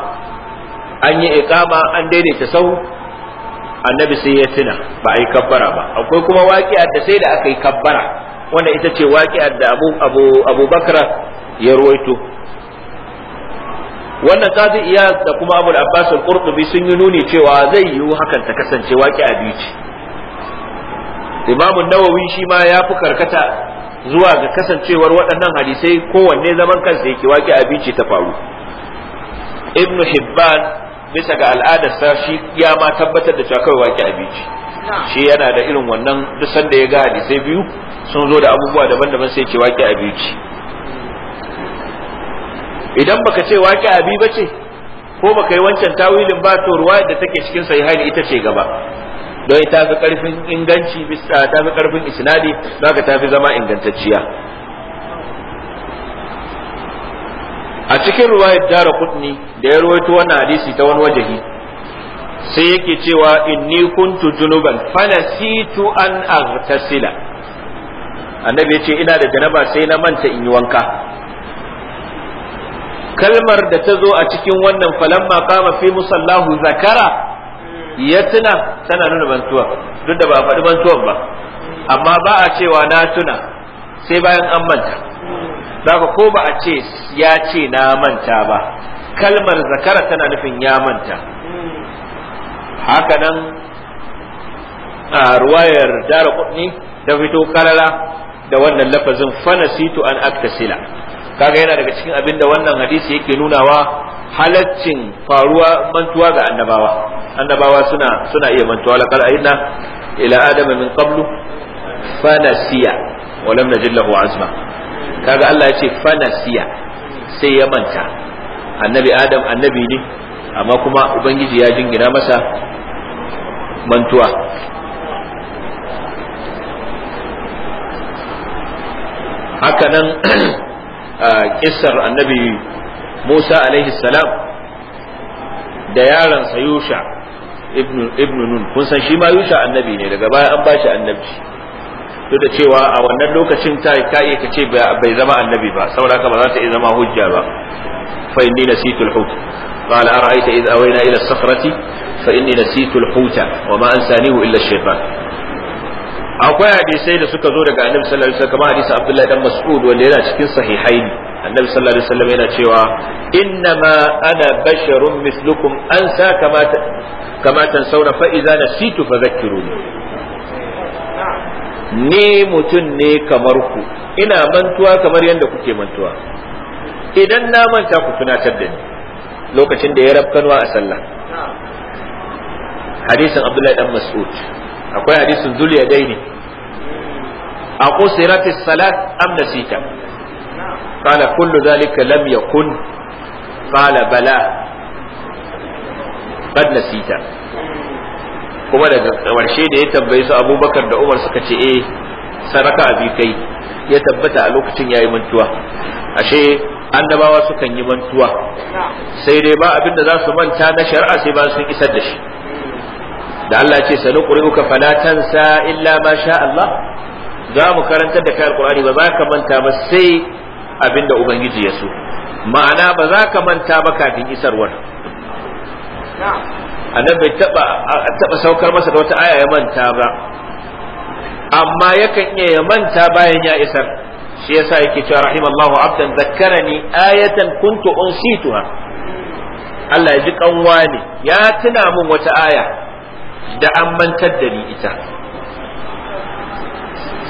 an yi iqama an daidaita sau annabi sai ya tuna ba a yi kabbara ba akwai kuma waƙiya da sai da aka yi kabbara wanda ita ce waƙiya da abu abu abubakar ya ruwaito wannan qadi iyad da kuma abul abbas al-qurtubi sun yi nuni cewa zai yiwu hakan ta kasance waƙiya biyu ce imamu nawawi shi ma ya fi karkata zuwa ga kasancewar waɗannan hadisai kowanne zaman kansa yake waki abinci ta faru Ibn hibban bisa ga al'adarsa shi ya ma tabbatar da cewa kawai waki abinci shi yana da irin wannan duk sanda ya ga hadisai biyu sun zo da abubuwa daban-daban sai ce waki abinci idan baka ce waƙi abi ba ce ko baka yi wancan tawilin ba to ruwa da take cikin sahihain ita ce gaba don ta fi karfin inganci bisa ta fi karfin isnadi zaka ta fi zama ingantacciya a cikin ruwayar dara kudni da ya ruwaito wannan hadisi ta wani wajahi sai yake cewa inni kuntu junuban fanasitu an aghtasila annabi yace ina da janaba sai na manta in yi wanka kalmar da ta zo a cikin wannan falamma kama fi musallahu zakara ya tuna tana nuna mantuwa duk da ba faɗi mantuwan ba amma ba a cewa na tuna sai bayan an manta zaka ko ba a ce ya ce na manta ba kalmar zakara tana nufin ya manta haka nan a ruwayar dara kudni da fito karara da wannan lafazin fanasitu an aktasila kaga yana daga cikin abinda wannan hadisi yake nunawa halaccin faruwa mantuwa ga annabawa annabawa suna suna iya mantuwa laqad aina ila adama min qablu fa nasiya wa lam najid lahu azma kaga Allah ya ce fa sai ya manta annabi adam annabi ne amma kuma ubangiji ya jingina masa mantuwa haka nan kisar annabi Musa alaihi salam da yaransa Yusha ibnu Nun kun san shi ma Yusha annabi ne daga baya an bashi annabci To da cewa a wannan lokacin ta ka iya bai zama annabi ba saboda haka ba za ta iya zama hujja ba fa inni nasitul hut قال أرأيت إذ أوينا إلى الصخرة فإني نسيت الحوت وما أنسانيه إلا الشيطان akwai hadisai da suka zo daga annabi sallallahu alaihi wasallam kamar hadisi abdullahi dan mas'ud wanda yana cikin sahihaini annabi sallallahu alaihi wasallam yana cewa ma ana basharun mislukum an sa kama kama saura fa idza nasitu fadhakkiruni ni mutum ne kamar ku ina mantuwa kamar yadda kuke mantuwa idan na manta ku tunatar da ni lokacin da ya rabkanwa a sallah hadisin abdullahi dan mas'ud akwai hadisin zuliya daini a qusirati salat am nasita qala kullu zalika lam yakun qala bala qad nasita kuma daga ƙarshe da ya tambayi su abubakar da umar suka ce eh saraka abi kai ya tabbata a lokacin yayi mantuwa ashe annabawa sukan yi mantuwa sai dai ba abin da za su manta na shari'a sai ba su isar da shi da Allah ce sanu sanuqri'uka fala tansa illa ma sha Allah za mu karantar da kai alqur'ani ba za ka manta ba sai abinda ubangiji ya so ma'ana ba za ka manta ba kafin isarwar annabi bai taba saukar masa da wata aya ya manta ba amma yakan iya ya manta bayan ya isar shi yasa yake cewa rahimallahu abdan zakkarani ayatan kuntu unsituha Allah ya ji kanwa ne ya tuna min wata aya da an mantar da ni ita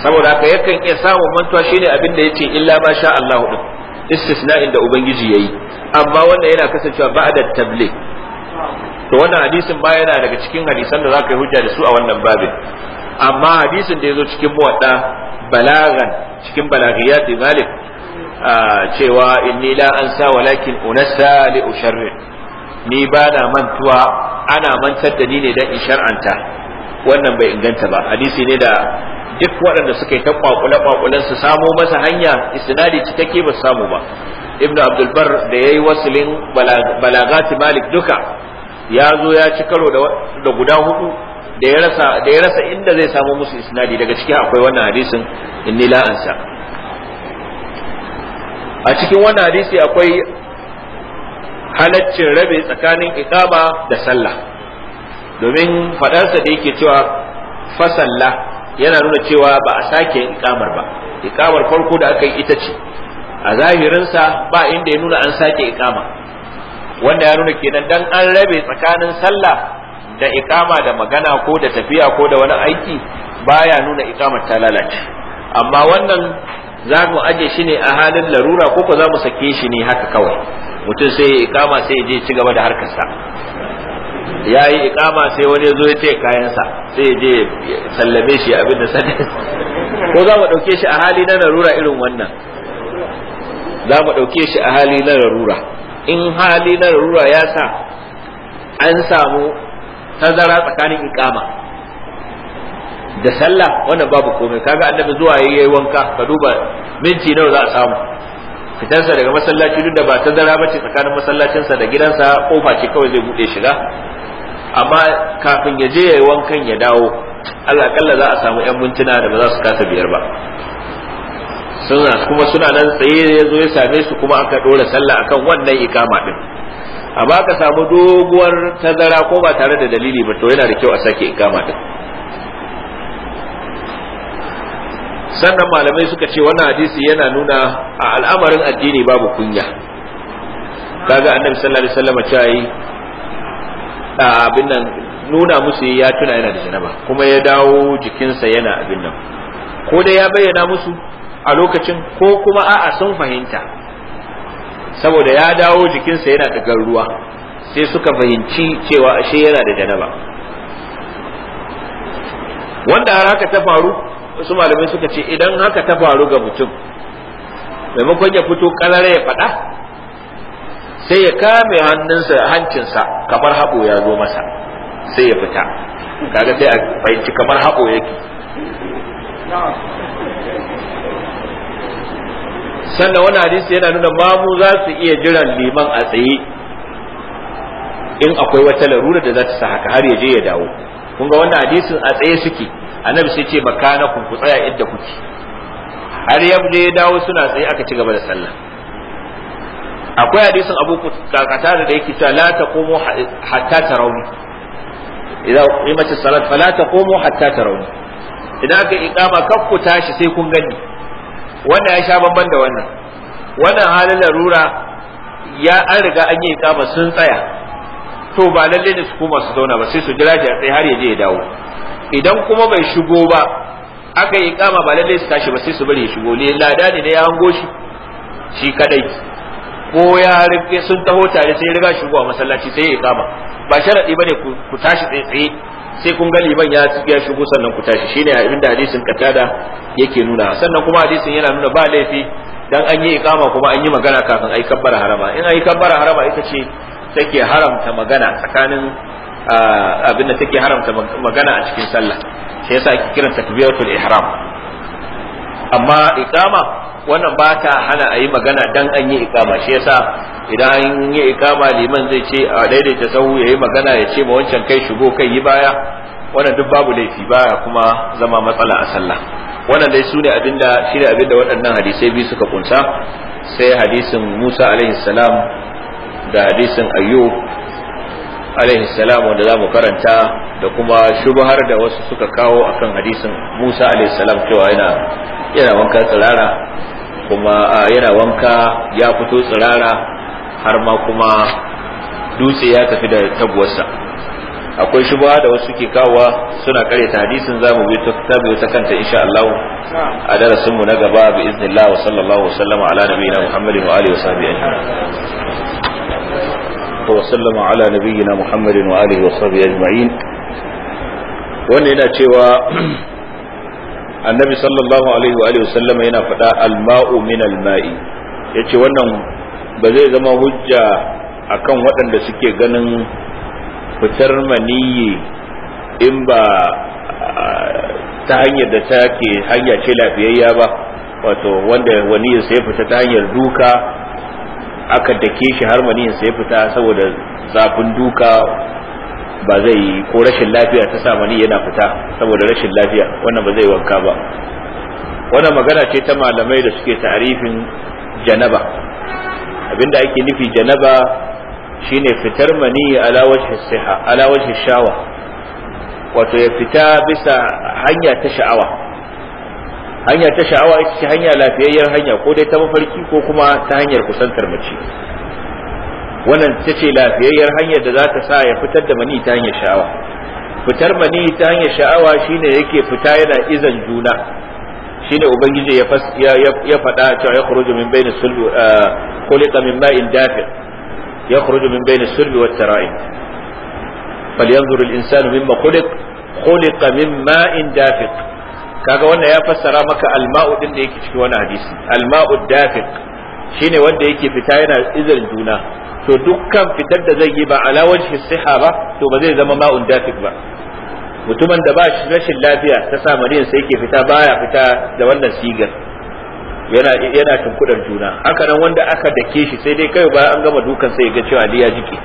saboda haka yakan iya samun mantuwa shine abin da yake illa ma sha Allah din istisna'in da ubangiji yayi amma wannan yana kasancewa da tabligh to wannan hadisin ba yana daga cikin hadisan da zaka yi hujja da su a wannan babin amma hadisin da yazo cikin muwadda balagan cikin balaghiyat zalik cewa inni la ansa walakin unassa li ni ba na mantuwa ana mantar da ni ne dan in shar'anta wannan bai inganta ba hadisi ne da duk waɗanda suka yi ta kwakule kwakulen su samo masa hanya isnadi cikakke ba samu ba ibnu abdul bar da yayi wasilin balagati malik duka ya zo ya ci karo da guda hudu da ya rasa da ya rasa inda zai samu musu isnadi daga ciki akwai wannan hadisin inni la ansa a cikin wannan hadisi akwai halaccin rabe tsakanin iqama da sallah domin faɗarsa da yake cewa fasalla yana nuna cewa ba a sake iqamar ba iqamar farko da aka yi ita ce a zahirinsa ba inda ya nuna an sake iqama wanda ya nuna kenan dan an rabe tsakanin sallah da iqama da magana ko da tafiya ko da wani aiki baya nuna iqamar ta lalace amma wannan za mu aje shi ne a halin larura ko ko za mu sake shi ne haka kawai mutum sai ya ikama sai je ci gaba da harkarsa ya yi ikama sai wani ya zo ya ce kayansa sai je sallame shi abin da sani ko za mu ɗauke shi a hali na larura irin wannan za mu ɗauke shi a hali na larura in hali na larura ya sa an samu tazara tsakanin ikama da sallah wannan babu komai kaga annabi zuwa yayi wanka ka duba minti nawa za a samu fitansa daga masallaci duk da ba ta zara bace tsakanin masallacinsa da gidansa kofa ce kawai zai bude shiga amma kafin ya je yayi wankan ya dawo Allah kalla za a samu yan mintuna da ba za su kasa biyar ba suna kuma suna nan tsaye ya zo ya same su kuma aka dora sallah akan wannan ikama din amma ka samu doguwar tazara ko ba tare da dalili ba to yana da kyau a sake ikama din sannan malamai suka ce wannan hadisi yana nuna a al'amarin addini babu kunya kaga annabi sallallahu alaihi wasallam cewa yi abin nan nuna musu ya tuna yana da janaba kuma ya dawo jikinsa yana abin nan ko da ya bayyana musu a lokacin ko kuma a'a sun fahimta saboda ya dawo jikinsa yana da ruwa sai suka fahimci cewa ashe yana da janaba wanda har haka ta faru wasu malamai suka ce idan haka ta faru ga mutum maimakon ya fito kalare ya faɗa sai ya kame hannunsa hancinsa kamar haɓo ya zo masa sai ya fita kaga sai a fahimci kamar haɓo yake sannan wani hadisi yana nuna mamu za su iya jiran liman a tsaye in akwai wata larura da za ta sa haka har ya je ya dawo kun ga wannan hadisin a tsaye suke annabi sai ce kun ku tsaya idda kuke har bude ya dawo suna tsaye aka ci gaba da sallah akwai hadisin abu kakata da yake cewa la taqumu hatta tarawni idan mace salat fala taqumu hatta tarawni idan aka iqama kar ku tashi sai kun gani wannan ya sha bamban da wannan wannan halin larura ya an riga an yi iqama sun tsaya to ba lalle ne su koma su zauna ba sai su jira shi a tsaye har ya je ya dawo idan kuma bai shigo ba aka yi kama ba lalle su tashi ba sai su bari ya shigo ne lada ne da ya hango shi shi kadai ko ya rike sun taho tare sai ya riga shigo a masallaci sai ya kama ba sharadi bane ku tashi tsaye tsaye sai kun ga liban ya ya shigo sannan ku tashi shine abin da hadisin katada yake nuna sannan kuma hadisin yana nuna ba laifi dan an yi ikama kuma an yi magana kafin ai kabbara harama in ai kabbara harama ita ce take haramta magana tsakanin abin da take haramta magana a cikin sallah shi yasa ake kiran takbiratul ihram amma iqama wannan ba ta hana a yi magana dan an yi iqama shi yasa idan an yi iqama liman zai ce a daidaita sahu yi magana ya ce ma wancan kai shigo kai yi baya wannan duk babu laifi baya kuma zama matsala a sallah wannan dai sune abinda shi ne abinda waɗannan hadisai biyu suka kunsa sai hadisin Musa alaihi salam da hadisin ayyub alaihi salam wanda za mu karanta da kuma shubhar da wasu suka kawo akan hadisin musa alaihi salam cewa yana yana wanka tsirara kuma yana wanka ya fito tsirara har ma kuma dutse ya tafi da tabuwarsa akwai shubha da wasu ke kawowa suna karyata hadisin zamu bi ta tabiyo ta kanta insha Allah a darasin mu na gaba bi iznillah wa sallallahu wa sallama ala nabiyina Muhammadin wa alihi wa sahbihi ajma'in وسلم على نبينا محمد وآله وصحبه أجمعين wannan yana cewa annabi sallallahu alaihi wa sallama yana faɗa alma'u min alma'i yace wannan ba zai zama hujja akan waɗanda suke ganin fitar maniyyi in ba ta hanyar da take hanya ce lafiyayya ba wato wanda wani ya sai fita ta hanyar duka aka dake shi har maniyin sai fita saboda zafin duka ba zai yi ko rashin lafiya ta sa mani yana fita saboda rashin lafiya wannan ba zai wanka ba wannan magana ce ta malamai da suke tarifin janaba abinda ake nufi janaba shine fitar mani ala wajhi siha ala wajhi shawa wato ya fita bisa hanya ta sha'awa hanya ta sha'awa ita ce hanya lafiyayyar hanya ko dai ta mafarki ko kuma ta hanyar kusantar mace wannan ta ce lafiyayyar hanyar da za ta sa ya fitar da mani ta hanyar sha'awa fitar mani ta hanyar sha'awa shine yake fita yana izan juna shine ubangiji ya ya faɗa cewa ya khuruju min bayni sulbi uh, khuliqa min ma'in dafi ya khuruju min bayni sulbi wat tara'ib falyanzur al-insanu mimma khuliq khuliqa min ma'in dafiq kaga wannan ya fassara maka alma'u din da yake cikin wani hadisi alma'u dafiq shine wanda yake fita yana izar juna to dukkan fitar da zai yi ba ala wajhi siha ba to ba zai zama ma'un dafiq ba mutumin da ba shi rashin lafiya ta samarin sai yake fita baya fita da wannan sigar yana yana tunkudar juna haka wanda aka dake shi sai dai kai ba an gama dukan sai ya ga cewa ya jike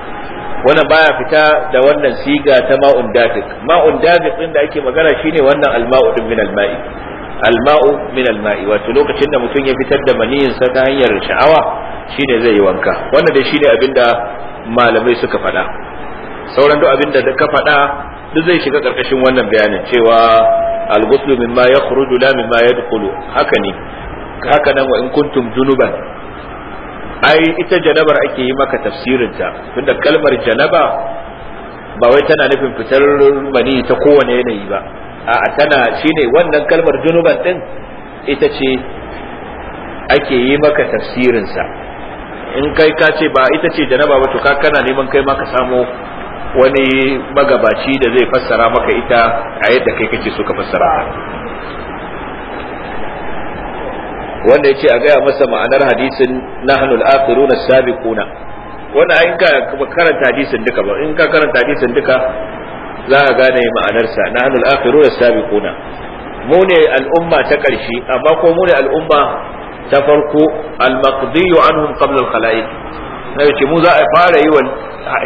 wannan baya fita da wannan siga ta ma'un dafiq ma'un dafiq din da ake magana shine wannan alma'u din min alma'i alma'u min alma'i wato lokacin da mutum ya fitar da maniyin sa ta hanyar sha'awa shine zai yi wanka wannan da shine abinda malamai suka faɗa sauran duk abinda da ka faɗa duk zai shiga karkashin wannan bayanin cewa al-ghuslu mimma yakhruju la mimma yadkhulu haka ne haka nan wa in kuntum ai ita janabar ake yi maka tafsirin ta tunda kalmar janaba ba wai tana nufin fitar mani ta kowane yanayi ba a tana shine wannan kalmar junuban din ita ce ake yi maka tafsirinsa in kai ka ce ba ita ce janaba ba to ka kana neman kai ma ka samo wani magabaci da zai fassara maka ita a yadda kai kake so ka fassara wanda ce a gaya masa ma'anar hadisin nahnu al na as kuna wanda in ka karanta hadisin duka ba in ka karanta hadisin duka za a gane ma'anar sa nahnu al na as kuna mu ne al'umma ta ƙarshe amma ko mu ne al'umma ta farko al-maqdi anhum qabla al-khalaiq na yace mu za a fara yi wa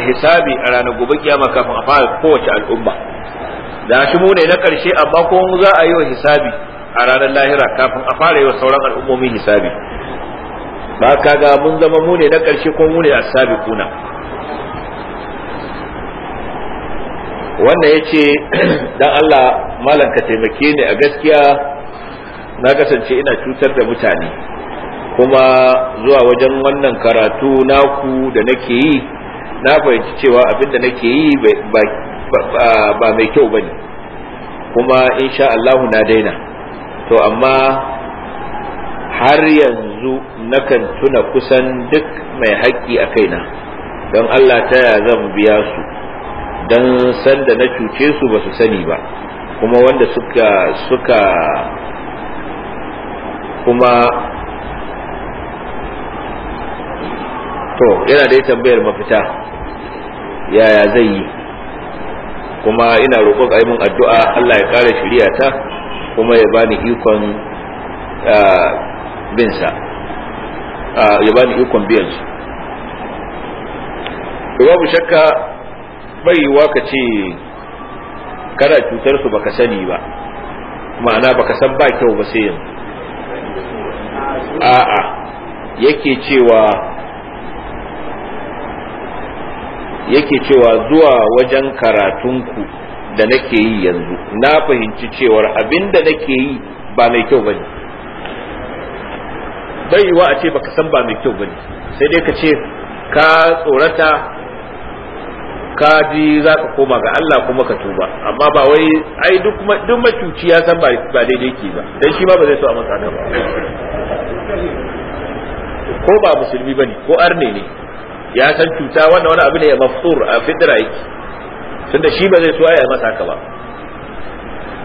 hisabi a ranar gobe kiyama kafin a fara kowace al'umma da shi mu ne na ƙarshe amma ko mu za a yi wa hisabi a ranar lahira kafin a fara yi wa sauran al'ummomi hisabi ba ka ga mun zama mu ne na ƙarshe ko mu ne a kuna? wannan ya ce dan Allah malam ka taimake ni a gaskiya na kasance ina cutar da mutane kuma zuwa wajen wannan karatu naku da nake yi na fahimci cewa abin da nake yi ba mai kyau ba ne kuma insha Allah na daina to amma har yanzu nakan tuna kusan duk mai haƙƙi a kaina don Allah ta ya zan biya su don sanda na cuce su ba su sani ba kuma wanda suka suka kuma to yana da tambayar mafita yaya zai yi kuma ina roƙon a addu'a Allah ya ƙara shirya ta kuma ya bani ikon binsa ya bani ikon biyan su babu shakka bai baiwa ka ce kana cutar su baka sani ba ma'ana baka san ba kyau ba sai yanzu a'a yake cewa yake cewa zuwa wajen karatunku da nake yi yanzu na fahimci cewar abin da nake yi ba mai kyau bane bai yiwa a ce baka san ba mai kyau bane sai dai ka ce ka tsorata ka ji za ka koma ga Allah kuma ka tuba amma ba wai ai duk duk macuci ya san ba daidai ke ba dan shi ma ba zai so a masa ba ko ba musulmi bane ko arne ne ya san cuta wannan wani abu ne ya mafsur a fitra yake tunda shi ba zai so ya masa haka ba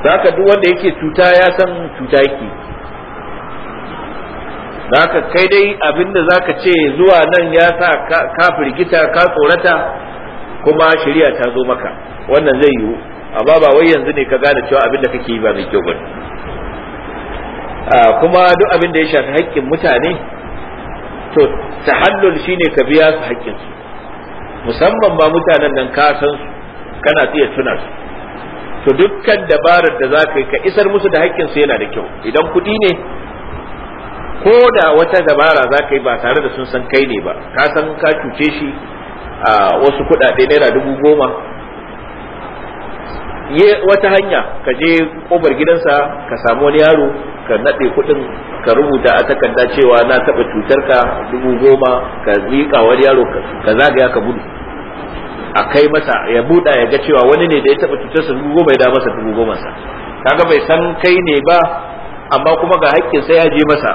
zaka duk wanda yake cuta ya san cuta yake zaka kai dai abinda zaka ce zuwa nan ya sa ka firgita ka tsorata kuma shari'a ta zo maka wannan zai yiwu amma ba wai yanzu ne ka gane cewa abinda kake yi ba mai kyau bane kuma duk abinda ya shafi haƙƙin mutane to tahallul shine ka biya su haƙƙin musamman ba mutanen nan ka san su kana iya tuna su to dukkan dabarar da za ka yi ka isar musu da haƙƙin su yana da kyau idan kuɗi ne ko da wata dabara za yi ba tare da sun san kai ne ba ka san ka cuce shi a wasu kuɗaɗe naira dubu goma ye wata hanya ka je ƙofar gidansa ka samu wani yaro ka naɗe kuɗin ka rubuta a takarda cewa na taɓa cutar ka dubu goma ka miƙa wani yaro ka zagaya ka gudu a kai masa ya buɗa ya ga cewa wani ne da ya taɓa cutar sa dubu goma ya da masa dubu goma sa kaga bai san kai ne ba amma kuma ga haƙƙin sai ya je masa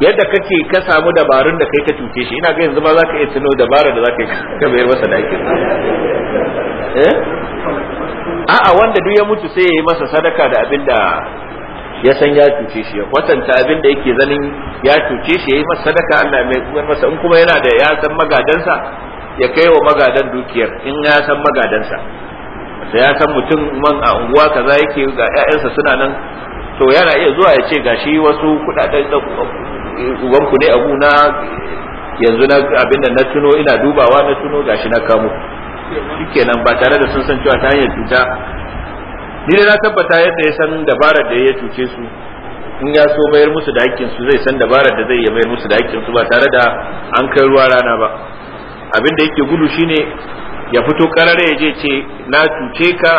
yadda kake ka samu dabarun da kai ka cuce shi ina ga yanzu ba za ka iya tuno dabarar da za ka yi ka bayar masa da haƙƙin eh a'a wanda duk ya mutu sai ya yi masa sadaka da abin da ya san ya cuce shi ya kwatanta abin da yake zanin ya cuce shi ya yi masa sadaka Allah mai kuwar masa in kuma yana da ya san magadansa ya kai wa magadan dukiyar in ya san magadansa sai ya san mutum man a unguwa kaza yake ga ƴaƴansa suna nan to yana iya zuwa ya ce gashi wasu kudaden da ku ne abu na yanzu na abin da na tuno ina dubawa na tuno gashi na kamo shikenan ba tare da sun san cewa ta hanyar cuta ni da na tabbata yadda ya san dabarar da ya cuce su in ya so mayar musu da hakkin su zai san dabarar da zai ya mayar musu da hakkin su ba tare da an kai ruwa rana ba abin da yake gudu shine ya fito karare ya je ce na cuce ka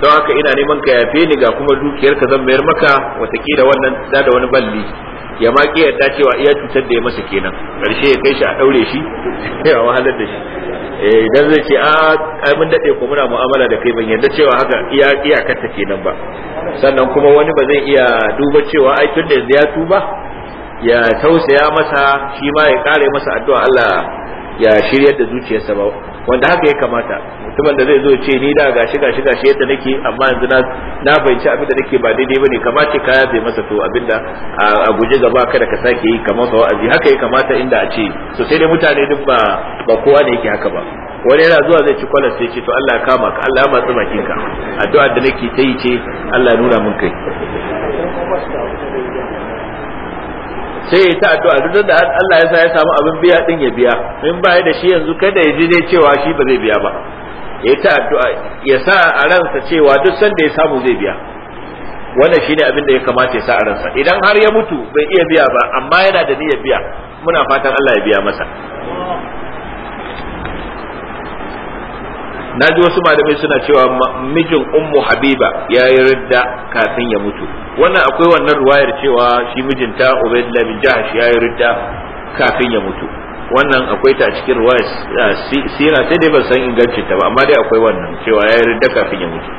don haka ina neman ka yafe ni ga kuma dukiyar ka zan mayar maka watakila wannan da wani balli ya ma ki yadda cewa iya cutar da ya masa kenan karshe ya kai shi a ɗaure shi ya wahalar da shi eh, idan zai ce a mun dade ko muna mu'amala da kai ban yadda cewa haka iya iya ta kenan ba sannan kuma wani ba zai iya duba cewa ai tun da ya tuba ya tausaya masa shi ma ya kare masa addu'a Allah ya shiryar da zuciyarsa ba wanda haka ya kamata mutumin da zai zo ce ni da gashi gashi gashi yadda nake amma yanzu na na fahimci abin da nake ba daidai bane kamace ka zai masa to abinda a guje gaba kada ka sake yi kamar sa wa'azi haka ya kamata inda a ce to sai dai mutane duk ba ba kowa ne yake haka ba wani yana zuwa zai ci kwalas sai ce to Allah ya kama ka Allah ya matsi bakin ka addu'ar da nake ta yi ce Allah ya nuna min kai sai ya ta addu'a duk da Allah ya sa ya samu abin biya din ya biya in ba da shi yanzu kada ya ji dai cewa shi ba zai biya ba ya ta addu'a ya sa a ransa cewa duk sanda ya samu zai biya wannan shine abin da ya kamata ya sa a ransa idan har ya mutu bai iya biya ba amma yana da niyyar biya muna fatan Allah ya biya masa na ji wasu malamai suna cewa mijin ummu habiba ya yi ridda kafin ya mutu wannan akwai wannan ruwayar cewa shi mijinta ubaidullah bin jahash ya yi ridda kafin ya mutu wannan akwai ta a cikin ruwayar sira sai dai ban san ingancin ta ba amma dai akwai wannan cewa ya yi ridda kafin ya mutu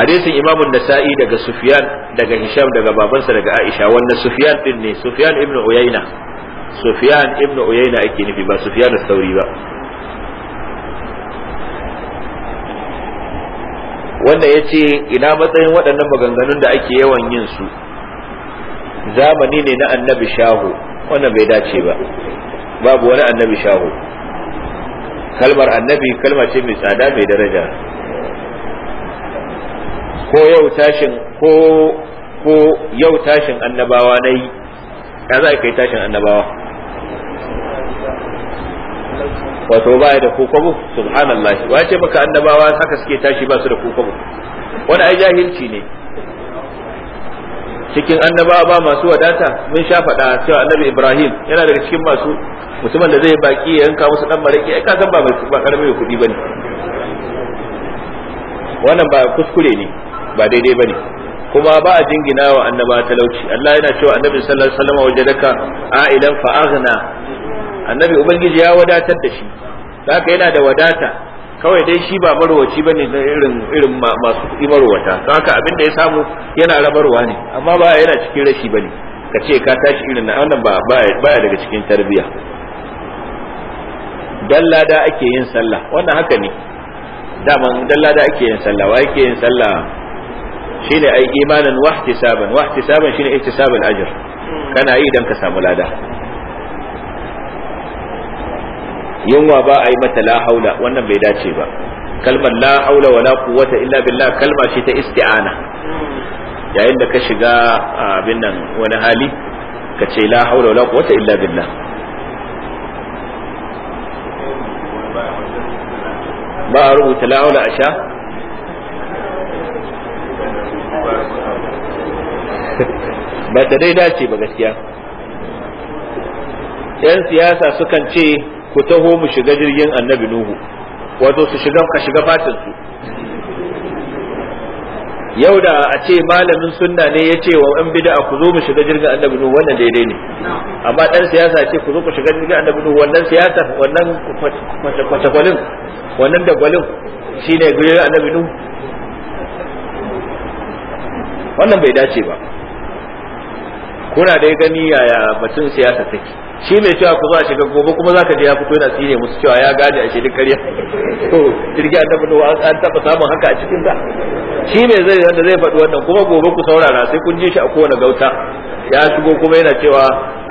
hadisin imamun nasa'i daga sufyan daga hisham daga babansa daga aisha wannan sufyan din ne sufyan ibnu uyayna sufyan ibn uyayna ake nufi ba sufyan sauri ba wanda ya ce ina matsayin waɗannan maganganun da ake yawan yin su zamani ne na annabi Shahu, wannan bai dace ba babu wani annabi Shahu. kalmar annabi kalma ce mai tsada mai daraja ko yau tashin ko ko yau tashin annabawa na yi ya za ka yi tashin annabawa wato baya da kokobo subhanallah wa ce maka annabawa haka suke tashi ba su da kokobo wani ai jahilci ne cikin annabawa ba masu wadata mun sha faɗa cewa annabi ibrahim yana daga cikin masu mutumin da zai baki ya yanka musu dan maraki ai ka san ba ba karamin kuɗi bane wannan ba kuskure ne ba daidai bane kuma ba a jingina wa annaba talauci Allah yana cewa annabi sallallahu alaihi wasallam wajadaka a'ilan fa aghna annabi ubangiji ya wadatar da shi haka yana da wadata kawai dai shi ba marwaci bane na irin irin masu imarwata haka abin da ya samu yana rabarwa ne amma ba yana cikin rashi bane ka ce ka tashi irin na wannan ba baya daga cikin tarbiya dalla da ake yin sallah wannan haka ne daman dalla da ake yin sallah wa ake yin sallah shine ai imanan wahtisaban wahtisaban shine ihtisabul ajr kana yi dan ka samu lada yunwa ba ai yi mata la haula wannan bai dace ba kalmar la haula wala quwwata illa billah kalma ce ta isti'ana yayin da ka shiga abin nan wani hali ka ce la haula wala quwwata illa billah ba a rubuta la haula a sha ba ta dai dace ba gaskiya yan siyasa sukan ce ku taho mu shiga jirgin annabi nuhu wato su shiga ka shiga fatin su yau da a ce malamin sunna ne ya ce wa an bid'a ku zo mu shiga jirgin annabi nuhu wannan daidai ne amma dan siyasa ce ku zo ku shiga jirgin annabi nuhu wannan siyasa wannan kwace kwalin wannan dagwalin shine jirgin annabi nuhu wannan bai dace ba kuna dai gani yaya batun siyasa take shi mai cewa ku za a shiga gobe kuma za je ya fito yana sire musu cewa ya gane a shirin karya to jirgi an taɓa an taɓa samun haka a cikin sa shi mai zai wanda zai faɗi wannan kuma gobe ku saurara sai kun ji shi a kowane gauta ya shigo kuma yana cewa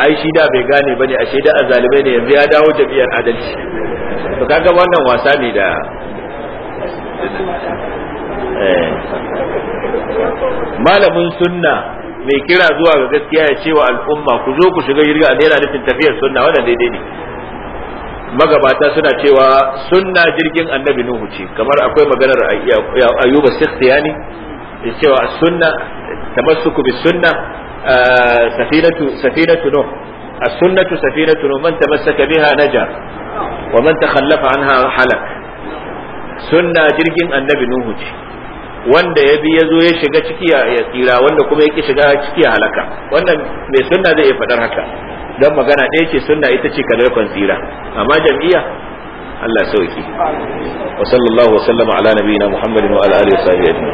ai shi da bai gane bane a sheda a zalimai ne yanzu ya dawo jami'ar adalci to kaga wannan wasa ne da eh malamin sunna mai kira zuwa ga gaskiya ya cewa al'umma ku zo ku shiga jirgin alheri nufin tafiyar sunna wannan daidai ne magabata suna cewa sunna jirgin annabi nuhu ce kamar akwai maganar ayuba sikhtiyani ya cewa sunna tamassuku bi sunna safinatu safinatu nuh السنة سفينة من تمسك بها نجا ومن تخلف عنها halak. sunna jirgin annabi nuhu ce wanda ya bi ya zo ya shiga ciki ya tsira wanda kuma yake shiga ciki ya halaka wannan mai sunna zai iya faɗar haka don magana ɗaya ce sunna ita ce kan tsira amma jam'iyya Allah sauki wa sallallahu wa sallama ala nabiyina Muhammadin wa ala alihi wa sahbihi